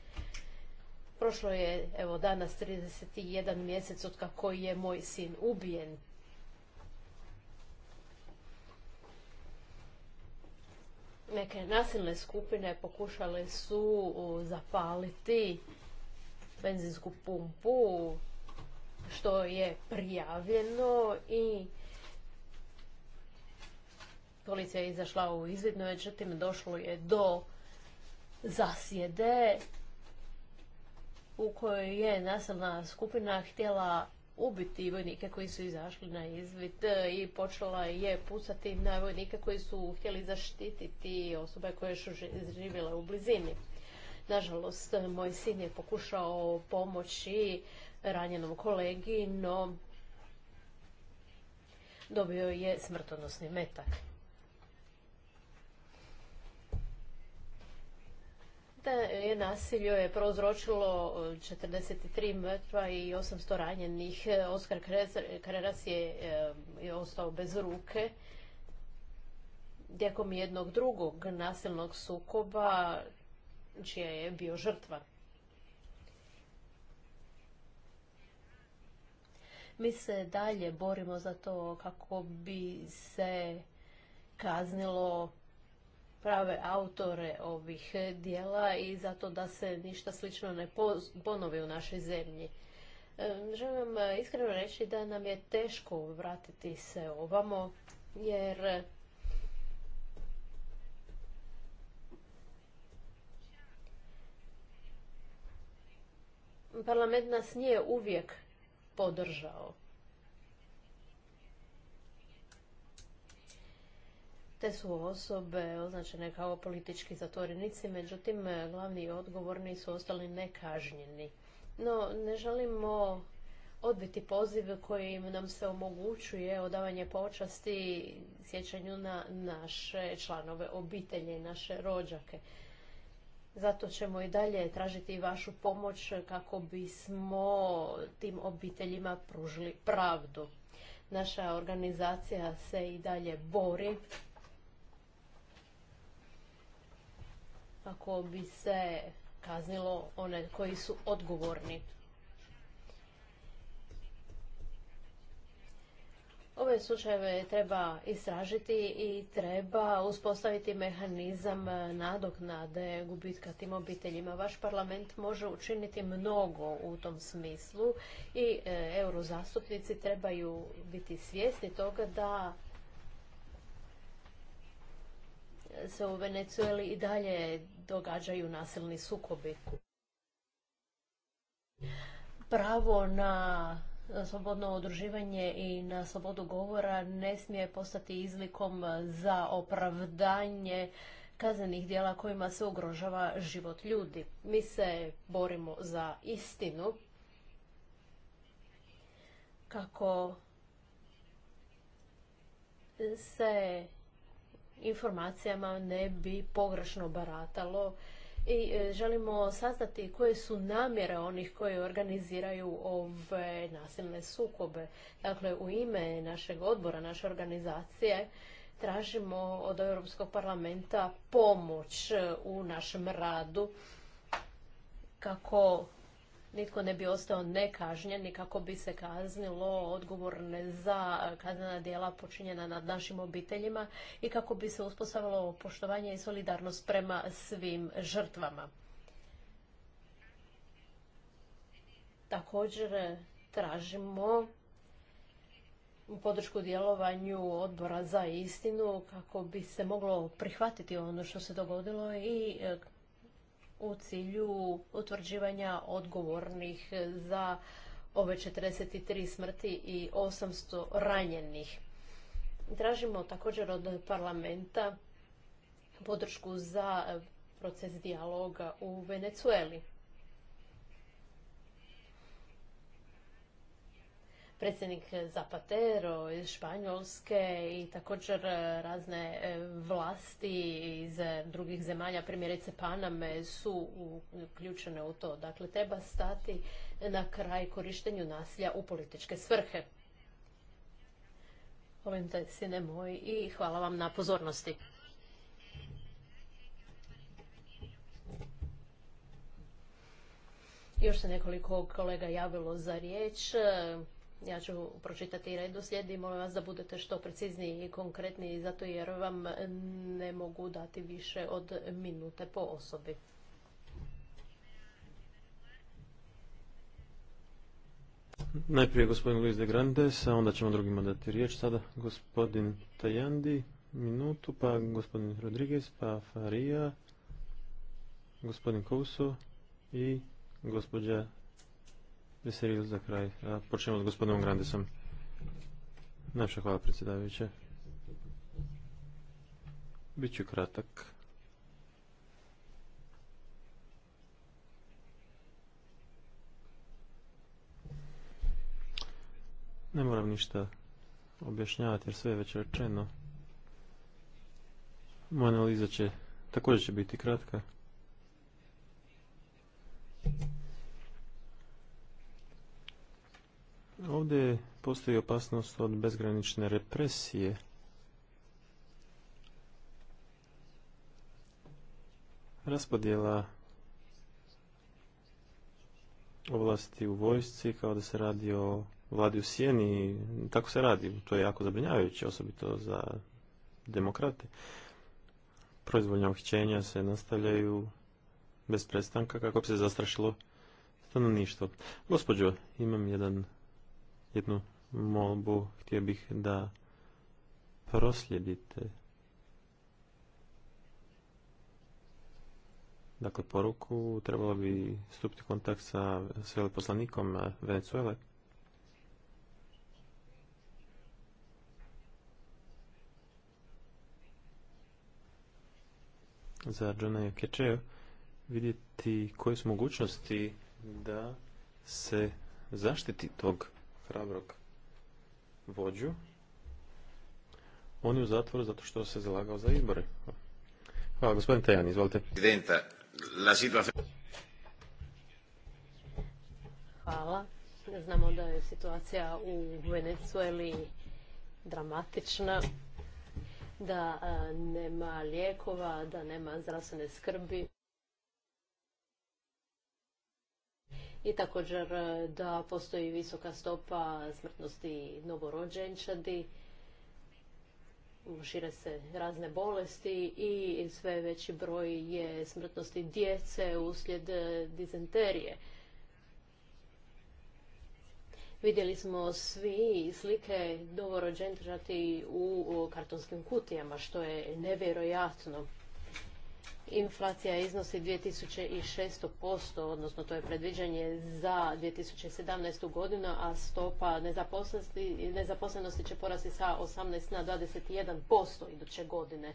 Prošlo je, evo danas, 31 mjesec od kako je moj sin ubijen. neke nasilne skupine pokušale su zapaliti benzinsku pumpu što je prijavljeno i policija je izašla u izvidno međutim došlo je do zasjede u kojoj je nasilna skupina htjela ubiti vojnike koji su izašli na izvid e, i počela je pucati na vojnike koji su htjeli zaštititi osobe koje su živjele u blizini. Nažalost, e, moj sin je pokušao pomoći ranjenom kolegi, no dobio je smrtonosni metak. je nasilje je prozročilo 43 eh, mrtva i 800 ranjenih. Eh, Oskar Kreras je, eh, je ostao bez ruke. Tijekom jednog drugog nasilnog sukoba čija je bio žrtva. Mi se dalje borimo za to kako bi se kaznilo prave autore ovih dijela i zato da se ništa slično ne ponovi u našoj zemlji. E, želim vam e, iskreno reći da nam je teško vratiti se ovamo, jer e, parlament nas nije uvijek podržao. Te su osobe označene kao politički zatvorenici, međutim e, glavni odgovorni su ostali nekažnjeni. No, ne želimo odbiti poziv kojim nam se omogućuje odavanje počasti sjećanju na naše članove obitelji, naše rođake. Zato ćemo i dalje tražiti vašu pomoć kako bismo tim obiteljima pružili pravdu. Naša organizacija se i dalje bori kako bi se kaznilo one koji su odgovorni. Ove slučajeve treba istražiti i treba uspostaviti mehanizam nadoknade gubitka tim obiteljima. Vaš parlament može učiniti mnogo u tom smislu i e, eurozastupnici trebaju biti svjesni toga da se u Venezueli i dalje događaju nasilni sukobi. Pravo na slobodno odruživanje i na slobodu govora ne smije postati izlikom za opravdanje kaznenih djela kojima se ugrožava život ljudi. Mi se borimo za istinu kako se informacijama ne bi pogrešno baratalo i e, želimo saznati koje su namjere onih koji organiziraju ove nasilne sukobe. Dakle, u ime našeg odbora, naše organizacije, tražimo od Europskog parlamenta pomoć e, u našem radu kako nitko ne bi ostao nekažnjen i kako bi se kaznilo odgovorne za kaznena djela počinjena nad našim obiteljima i kako bi se uspostavilo poštovanje i solidarnost prema svim žrtvama. Također tražimo podršku djelovanju odbora za istinu kako bi se moglo prihvatiti ono što se dogodilo i e, u cilju utvrđivanja odgovornih za ove 43 smrti i 800 ranjenih. Tražimo također od parlamenta podršku za proces dijaloga u Venecueli. predsjednik Zapatero iz Španjolske i također e, razne e, vlasti iz e, drugih zemalja, primjerice Paname, su uključene u to. Dakle, treba stati na kraj korištenju nasilja u političke svrhe. Ovim te sine moj i hvala vam na pozornosti. Još se nekoliko kolega javilo za riječ. Ja ću pročitati redoslijed i molim vas da budete što precizniji i konkretniji, zato jer vam ne mogu dati više od minute po osobi. Najprije gospodin Luis de Grandes, a onda ćemo drugima dati riječ. Sada gospodin Tajandi, minutu, pa gospodin Rodriguez, pa Farija, gospodin Kouso i gospođa Veselio za kraj. Počnemo s gospodinom Grandesom. Najviše hvala predsjedavajuće. Biću kratak. Ne moram ništa objašnjavati jer sve je već rečeno. Moja analiza će također će biti kratka. Ovdje postoji opasnost od bezgranične represije. Raspodjela ovlasti u vojsci kao da se radi o vladi u sjeni. Tako se radi. To je jako zabrinjavajuće, osobito za demokrate. Proizvoljna uhićenja se nastavljaju bez prestanka kako bi se zastrašilo stanovništvo. Gospođo, imam jedan jednu molbu. Htio bih da proslijedite dakle poruku. Trebalo bi stupiti kontakt sa veleposlanikom Venezuele. za Johna Jokečeo vidjeti koje su mogućnosti da se zaštiti tog hrabrog vođu. On je u zatvoru zato što se zalagao za izbore. Hvala, gospodin Tejan, izvolite. Hvala. Znamo da je situacija u Venecueli dramatična, da e, nema lijekova, da nema zdravstvene skrbi. i također e, da postoji visoka stopa smrtnosti novorođenčadi, šire se razne bolesti i sve veći broj je smrtnosti djece uslijed e, dizenterije. Vidjeli smo svi slike novorođenčati u kartonskim kutijama, što je nevjerojatno. Inflacija iznosi 2600%, odnosno to je predviđanje za 2017. godinu, a stopa nezaposlenosti, nezaposlenosti će porasti sa 18 na 21% iduće godine.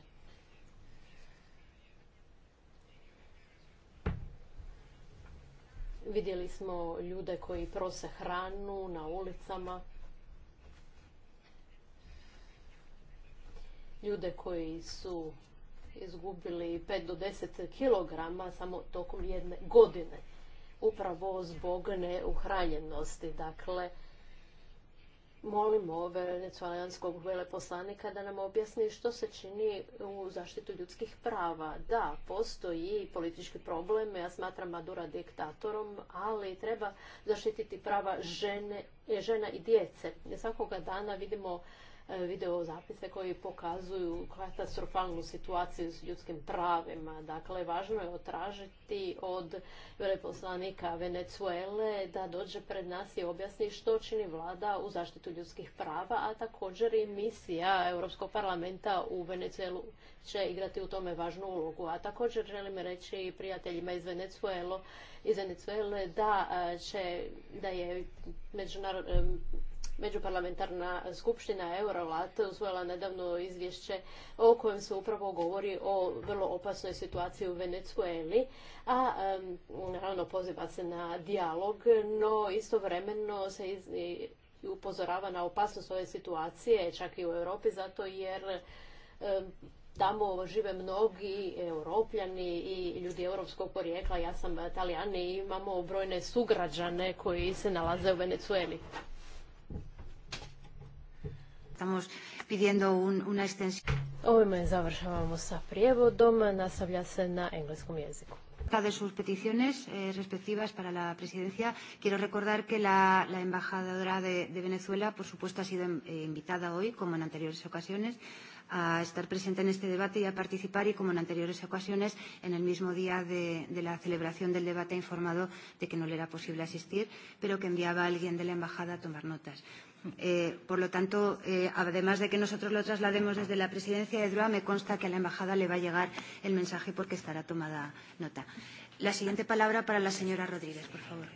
Vidjeli smo ljude koji prose hranu na ulicama. Ljude koji su izgubili 5 do 10 kilograma samo tokom jedne godine. Upravo zbog neuhranjenosti. Dakle, molimo venecualijanskog veleposlanika da nam objasni što se čini u zaštitu ljudskih prava. Da, postoji politički problem, ja smatram Madura diktatorom, ali treba zaštititi prava žene, žena i djece. Svakoga dana vidimo E, video zapise koji pokazuju katastrofalnu situaciju s ljudskim pravima. Dakle, važno je otražiti od veleposlanika Venecuele da dođe pred nas i objasni što čini vlada u zaštitu ljudskih prava, a također i misija Europskog parlamenta u Venecuelu će igrati u tome važnu ulogu. A također želim reći prijateljima iz Venecuelo, iz Venecuele da e, će da je Međuparlamentarna skupština Eurolat usvojila nedavno izvješće o kojem se upravo govori o vrlo opasnoj situaciji u Venezueli, a naravno poziva se na dijalog, no istovremeno se upozorava na opasnost ove situacije, čak i u Europi, zato jer tamo žive mnogi europljani i ljudi europskog porijekla. Ja sam talijan i imamo brojne sugrađane koji se nalaze u Venezueli. Ovime završavamo sa prijevodom, nastavlja se na engleskom jeziku de sus peticiones eh, respectivas para la presidencia. Quiero recordar que la, la embajadora de, de Venezuela, por supuesto, ha sido eh, invitada hoy, como en anteriores ocasiones, a estar presente en este debate y a participar, y como en anteriores ocasiones, en el mismo día de, de la celebración del debate ha informado de que no le era posible asistir, pero que enviaba a alguien de la embajada a tomar notas. Eh, por lo tanto, eh, además de que nosotros lo traslademos desde la presidencia de DROA, me consta que a la embajada le va a llegar el mensaje porque estará tomada nota. La siguiente palabra para la señora Rodríguez, por favor.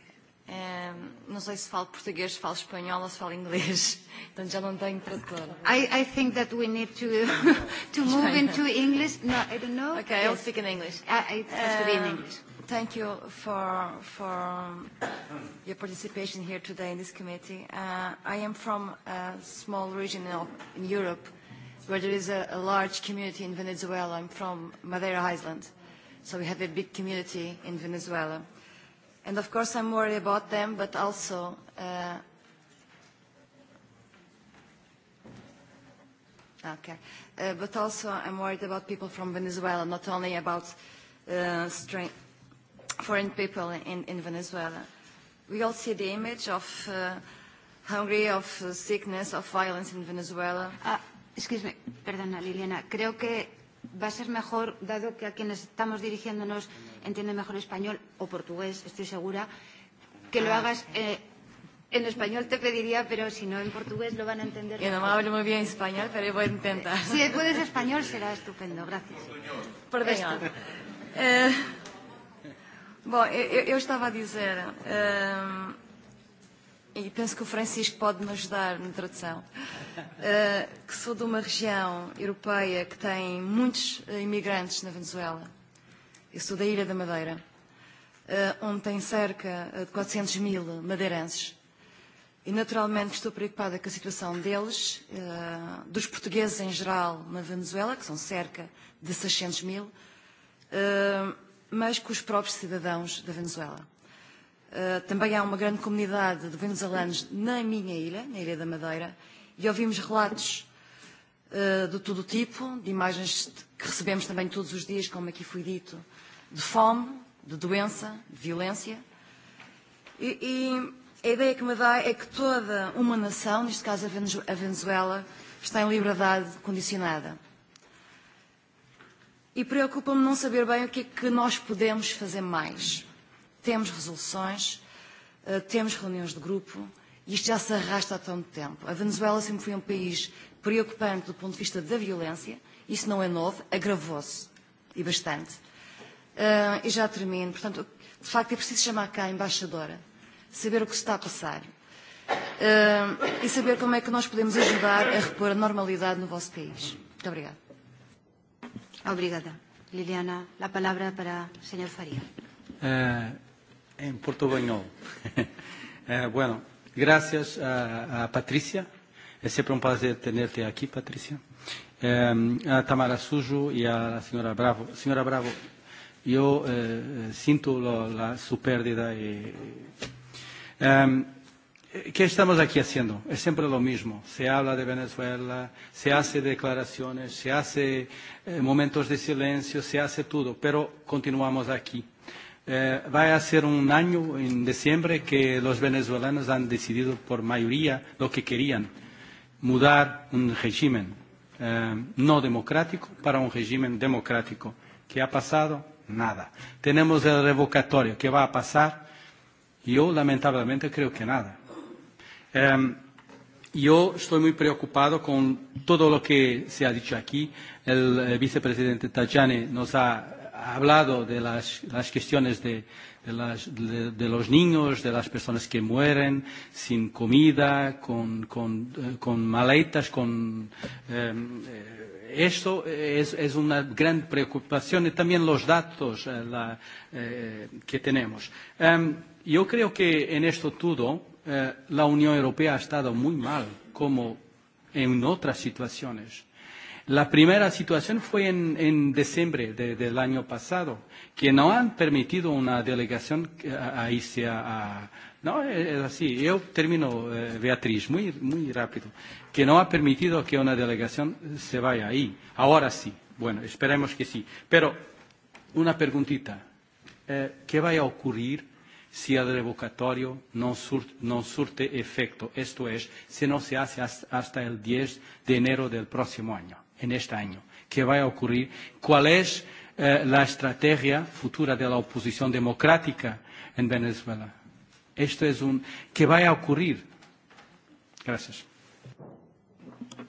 Eh, não sei se falo português, falo espanhol ou falo inglês. [laughs] Entonces já não tengo tradutora. I, I think that we need to, [laughs] to move into English. No, I don't know. Okay, yes. I'll speak in English. Uh, it has to be in English thank you for, for your participation here today in this committee. Uh, I am from a small region in Europe where there is a, a large community in Venezuela. I'm from Madeira Island, so we have a big community in Venezuela. And of course I'm worried about them, but also uh, Okay. Uh, but also I'm worried about people from Venezuela, not only about uh, strength foreign people in, in Venezuela. We all see the image of uh, hungry, of uh, sickness, of violence in Venezuela. Ah, excuse me, perdona Liliana, creo que va a ser mejor, dado que a quienes estamos dirigiéndonos entienden mejor español o portugués, estoy segura, que lo ah. hagas eh, en español te pediría, pero si no en portugués lo van a entender. Yo no me hablo muy bien español, pero voy a intentar. Eh, si puedes español será estupendo, gracias. Por eh, Bom, eu, eu estava a dizer, um, e penso que o Francisco pode me ajudar na tradução, uh, que sou de uma região europeia que tem muitos eh, imigrantes na Venezuela. Eu sou da Ilha da Madeira, uh, onde tem cerca de 400 mil madeirenses. E naturalmente estou preocupada com a situação deles, uh, dos portugueses em geral na Venezuela, que são cerca de 600 mil, mas com os próprios cidadãos da Venezuela. Eh, também há uma grande comunidade de venezuelanos na minha ilha, na Ilha da Madeira, e ouvimos relatos eh, de todo tipo, de imagens que recebemos também todos os dias, como aqui foi dito, de fome, de doença, de violência. E, e a ideia que me dá é que toda uma nação, neste caso a Venezuela, está em liberdade condicionada e preocupa-me não saber bem o que é que nós podemos fazer mais. Temos resoluções, eh, temos reuniões de grupo, e isto já se arrasta há tanto tempo. A Venezuela sempre foi um país preocupante do ponto de vista da violência, isso não é novo, agravou-se, e bastante. Eh, e já termino, portanto, de facto é preciso chamar cá a embaixadora, saber o que se está a passar, eh, e saber como é que nós podemos ajudar a repor a normalidade no vosso país. Muito obrigada. Obrigada. Liliana, la palabra para el señor Faria. Eh, en portugués. [laughs] eh, bueno, gracias a, a Patricia. Es siempre un placer tenerte aquí, Patricia. Eh, a Tamara Sujo y a la señora Bravo. Señora Bravo, yo eh, eh siento la, la su pérdida. Y, eh, Eh, ¿Qué estamos aquí haciendo? Es siempre lo mismo. Se habla de Venezuela, se hace declaraciones, se hace eh, momentos de silencio, se hace todo, pero continuamos aquí. Eh, va a ser un año en diciembre que los venezolanos han decidido por mayoría lo que querían, mudar un régimen eh, no democrático para un régimen democrático. ¿Qué ha pasado? Nada. Tenemos el revocatorio. ¿Qué va a pasar? Yo lamentablemente creo que nada Eh, yo estoy muy preocupado con todo lo que se ha dicho aquí. El, eh, vicepresidente Tajani nos ha hablado de las, las cuestiones de, de, las, de, de, los niños, de las personas que mueren sin comida, con, con, eh, con maletas, con... Eh, esto es, es una gran preocupación y también los datos la, eh, que tenemos. Um, yo creo que en esto todo Eh, la Unión Europea ha estado muy mal, como en otras situaciones. La primera situación fue en, en diciembre de, del año pasado, que no han permitido una delegación a irse a, a... No, es así. Yo termino, eh, Beatriz, muy, muy rápido. Que no ha permitido que una delegación se vaya ahí. Ahora sí. Bueno, esperemos que sí. Pero una preguntita. Eh, ¿Qué va a ocurrir si el revocatorio no, sur, no surte efecto, esto es, si no se hace hasta el 10 de enero del próximo año, en este año. ¿Qué va a ocurrir? ¿Cuál es eh, la estrategia futura de la oposición democrática en Venezuela? Esto es un... ¿Qué va a ocurrir? Gracias.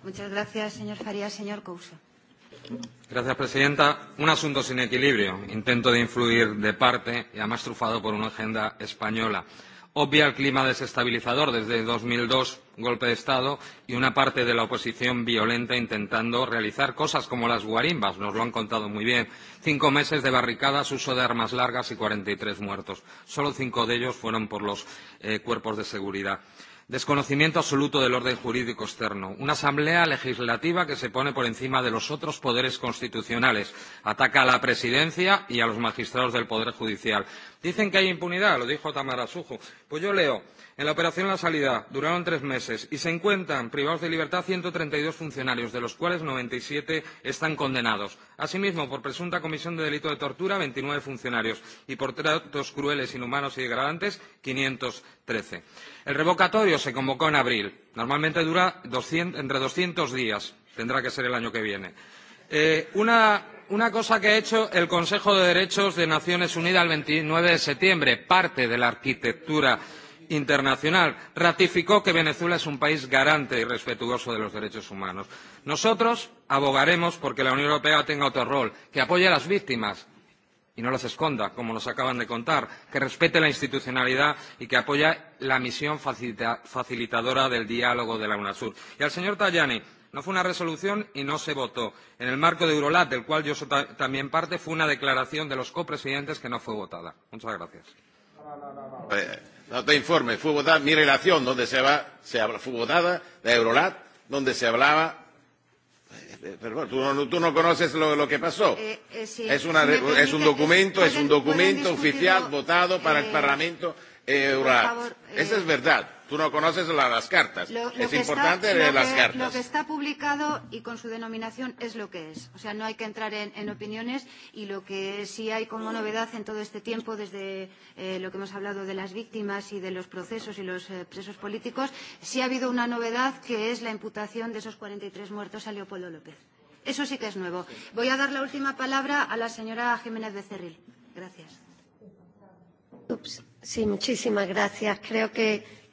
Muchas gracias, señor Farías. Señor Couso. Señora presidenta. Un asunto sin equilibrio, intento de influir de parte y además trufado por una agenda española. Obvia el clima desestabilizador desde 2002, golpe de Estado, y una parte de la oposición violenta intentando realizar cosas como las guarimbas, nos lo han contado muy bien. Cinco meses de barricadas, uso de armas largas y tres muertos. Solo cinco de ellos fueron por los eh, cuerpos de seguridad desconocimiento absoluto del orden jurídico externo una asamblea legislativa que se pone por encima de los otros poderes constitucionales ataca a la presidencia y a los magistrados del poder judicial dicen que hay impunidad lo dijo Tamara Sujo pues yo leo En la operación La Salida duraron tres meses y se encuentran privados de libertad 132 funcionarios, de los cuales 97 están condenados. Asimismo, por presunta comisión de delito de tortura, 29 funcionarios y por tratos crueles, inhumanos y degradantes, 513. El revocatorio se convocó en abril. Normalmente dura 200, entre 200 días. Tendrá que ser el año que viene. Eh, una, una cosa que ha hecho el Consejo de Derechos de Naciones Unidas el 29 de septiembre, parte de la arquitectura internacional ratificó que venezuela es un país garante y respetuoso de los derechos humanos. nosotros abogaremos porque la unión europea tenga otro rol que apoye a las víctimas y no las esconda como nos acaban de contar que respete la institucionalidad y que apoye la misión facilitadora del diálogo de la unasur. y al señor tajani no fue una resolución y no se votó. en el marco de eurolat del cual yo soy también parte fue una declaración de los copresidentes que no fue votada. muchas gracias. Eh, de informe fue votada mi relación donde se, va, se habla, fue votada de Eurolat, donde se hablaba eh, Perdón, tú, no, tú no conoces lo, lo que pasó. Eh, eh, sí. es, una, permite, es un documento, es un documento oficial votado para el eh, Parlamento eh, Eurolat. Esa es verdad Tú no conoces las cartas. Lo, es importante está, las que, cartas. Lo que está publicado y con su denominación es lo que es. O sea, no hay que entrar en, opiniones y lo que sí hay como novedad en todo este tiempo, desde eh, lo que hemos hablado de las víctimas y de los procesos y los eh, presos políticos, sí ha habido una novedad que es la imputación de esos 43 muertos a Leopoldo López. Eso sí que es nuevo. Voy a dar la última palabra a la señora Jiménez Becerril. Gracias. Ups. Sí, muchísimas gracias. Creo que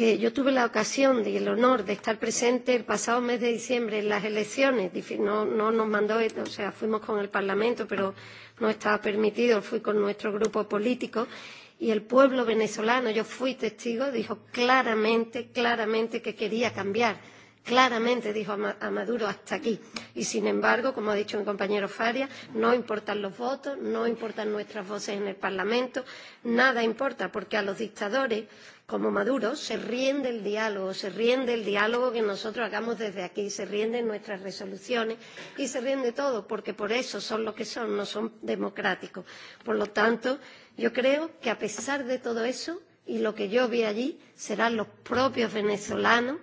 que yo tuve la ocasión y el honor de estar presente el pasado mes de diciembre en las elecciones. No, no nos mandó, o sea, fuimos con el Parlamento, pero no estaba permitido, fui con nuestro grupo político. Y el pueblo venezolano, yo fui testigo, dijo claramente, claramente que quería cambiar Claramente dijo a Maduro hasta aquí. Y sin embargo, como ha dicho mi compañero Faria, no importan los votos, no importan nuestras voces en el Parlamento, nada importa, porque a los dictadores como Maduro se ríen del diálogo, se ríen el diálogo que nosotros hagamos desde aquí, se ríen nuestras resoluciones y se ríen de todo, porque por eso son lo que son, no son democráticos. Por lo tanto, yo creo que a pesar de todo eso y lo que yo vi allí, serán los propios venezolanos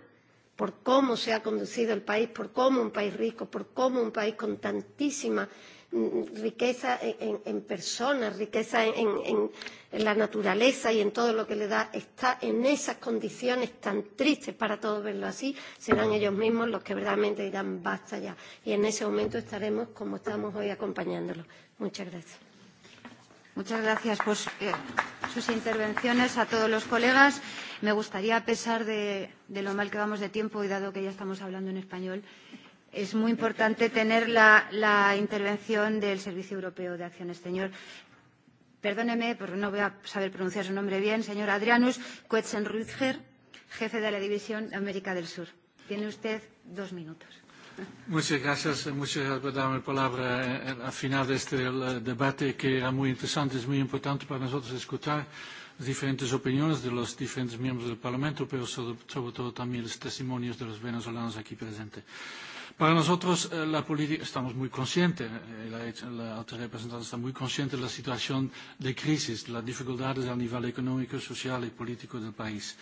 por cómo se ha conducido el país, por cómo un país rico, por cómo un país con tantísima mm, mm, riqueza en, en personas, riqueza en, en, en la naturaleza y en todo lo que le da, está en esas condiciones tan tristes para todos verlo así, serán ellos mismos los que verdaderamente dirán basta ya. Y en ese momento estaremos como estamos hoy acompañándolos. Muchas gracias. Muchas gracias por eh, sus intervenciones a todos los colegas. Me gustaría, a pesar de, de lo mal que vamos de tiempo y dado que ya estamos hablando en español, es muy importante tener la, la intervención del Servicio Europeo de Acción Exterior. Perdóneme, pero no voy a saber pronunciar su nombre bien, señor Adrianus Rüdger, jefe de la División América del Sur. Tiene usted dos minutos. Muchas gracias, muchas gracias por darme la palabra. Eh, eh, al final de este eh, debate, que era muy interesante, es muy importante para nosotros escuchar diferentes opiniones de los diferentes miembros del Parlamento, pero sobre, sobre todo también los testimonios de los venezolanos aquí presentes. Para nosotros, eh, la política, estamos muy conscientes, eh, la, la alta representante está muy consciente de la situación de crisis, de las dificultades a nivel económico, social y político del país.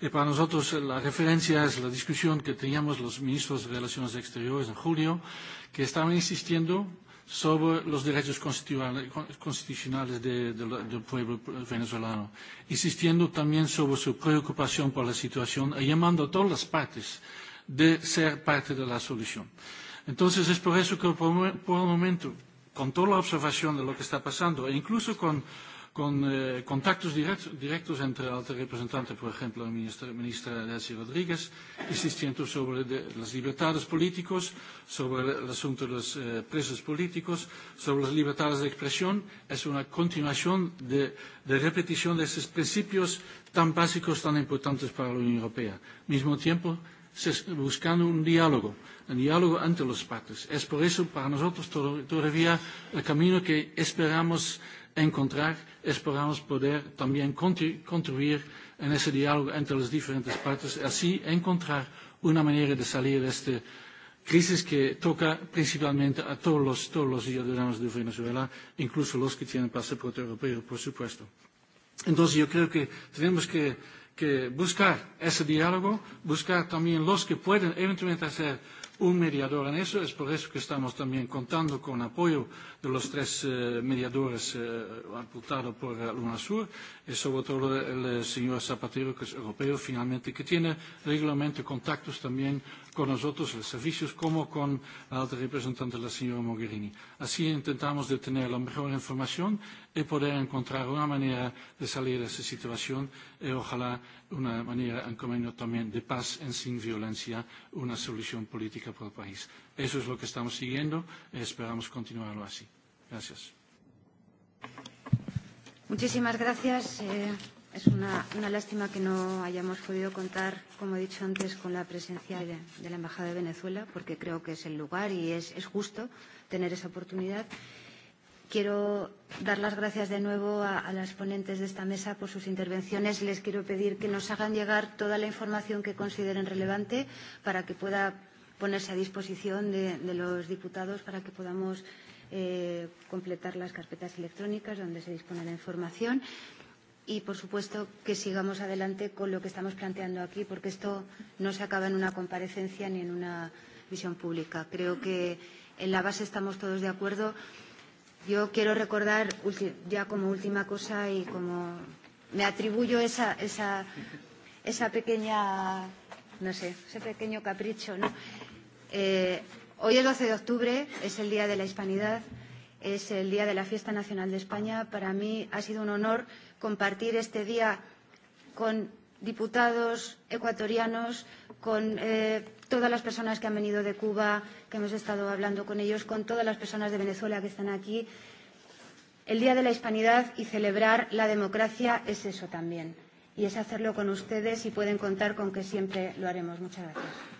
Y eh, para nosotros, eh, la referencia es la discusión que teníamos los ministros de Relaciones Exteriores en julio, que estaban insistiendo sobre los derechos constitucionales del de, de pueblo venezolano, insistiendo también sobre su preocupación por la situación y llamando a todas las partes de ser parte de la solución. Entonces, es por eso que por, por el momento, con toda la observación de lo que está pasando, e incluso con con eh, contactos directos, directos entre la alta representante, por ejemplo, la ministra, ministra Delcy Rodríguez, insistiendo sobre de, las libertades políticas, sobre el asunto de los eh, presos políticos, sobre las libertades de expresión. Es una continuación de, de repetición de esos principios tan básicos, tan importantes para la Unión Europea. Al mismo tiempo, se buscando un diálogo, un diálogo entre los partes. Es por eso para nosotros todavía el camino que esperamos encontrar esperamos poder también contribuir en ese diálogo entre las diferentes partes y así encontrar una manera de salir de esta crisis que toca principalmente a todos los, todos los ciudadanos de Venezuela, incluso los que tienen pasaporte europeo, por supuesto. Entonces yo creo que tenemos que, que buscar ese diálogo, buscar también los que pueden eventualmente hacer un mediador en eso. Es por eso que estamos también contando con apoyo de los tres eh, mediadores eh, apuntados por eh, Lunasur y sobre todo el, señor Zapatero, que es europeo finalmente, que tiene regularmente contactos también con nosotros, los servicios, como con la alta representante, la señora Mogherini. Así intentamos de tener la mejor información y poder encontrar una manera de salir de esa situación y ojalá una manera, en convenio también de paz y sin violencia, una solución política para el país. Eso es lo que estamos siguiendo. Esperamos continuarlo así. Gracias. Muchísimas gracias. Eh, es una, una lástima que no hayamos podido contar, como he dicho antes, con la presencia de, de la Embajada de Venezuela, porque creo que es el lugar y es, es justo tener esa oportunidad. Quiero dar las gracias de nuevo a, a las ponentes de esta mesa por sus intervenciones. Les quiero pedir que nos hagan llegar toda la información que consideren relevante para que pueda ponerse a disposición de, de los diputados para que podamos eh, completar las carpetas electrónicas donde se dispone la información y, por supuesto, que sigamos adelante con lo que estamos planteando aquí, porque esto no se acaba en una comparecencia ni en una visión pública. Creo que en la base estamos todos de acuerdo. Yo quiero recordar, ya como última cosa, y como me atribuyo esa, esa, esa pequeña, no sé, ese pequeño capricho, ¿no? Eh, hoy es 12 de octubre, es el Día de la Hispanidad, es el Día de la Fiesta Nacional de España. Para mí ha sido un honor compartir este día con diputados ecuatorianos, con eh, todas las personas que han venido de Cuba, que hemos estado hablando con ellos, con todas las personas de Venezuela que están aquí. El Día de la Hispanidad y celebrar la democracia es eso también. Y es hacerlo con ustedes y pueden contar con que siempre lo haremos. Muchas gracias.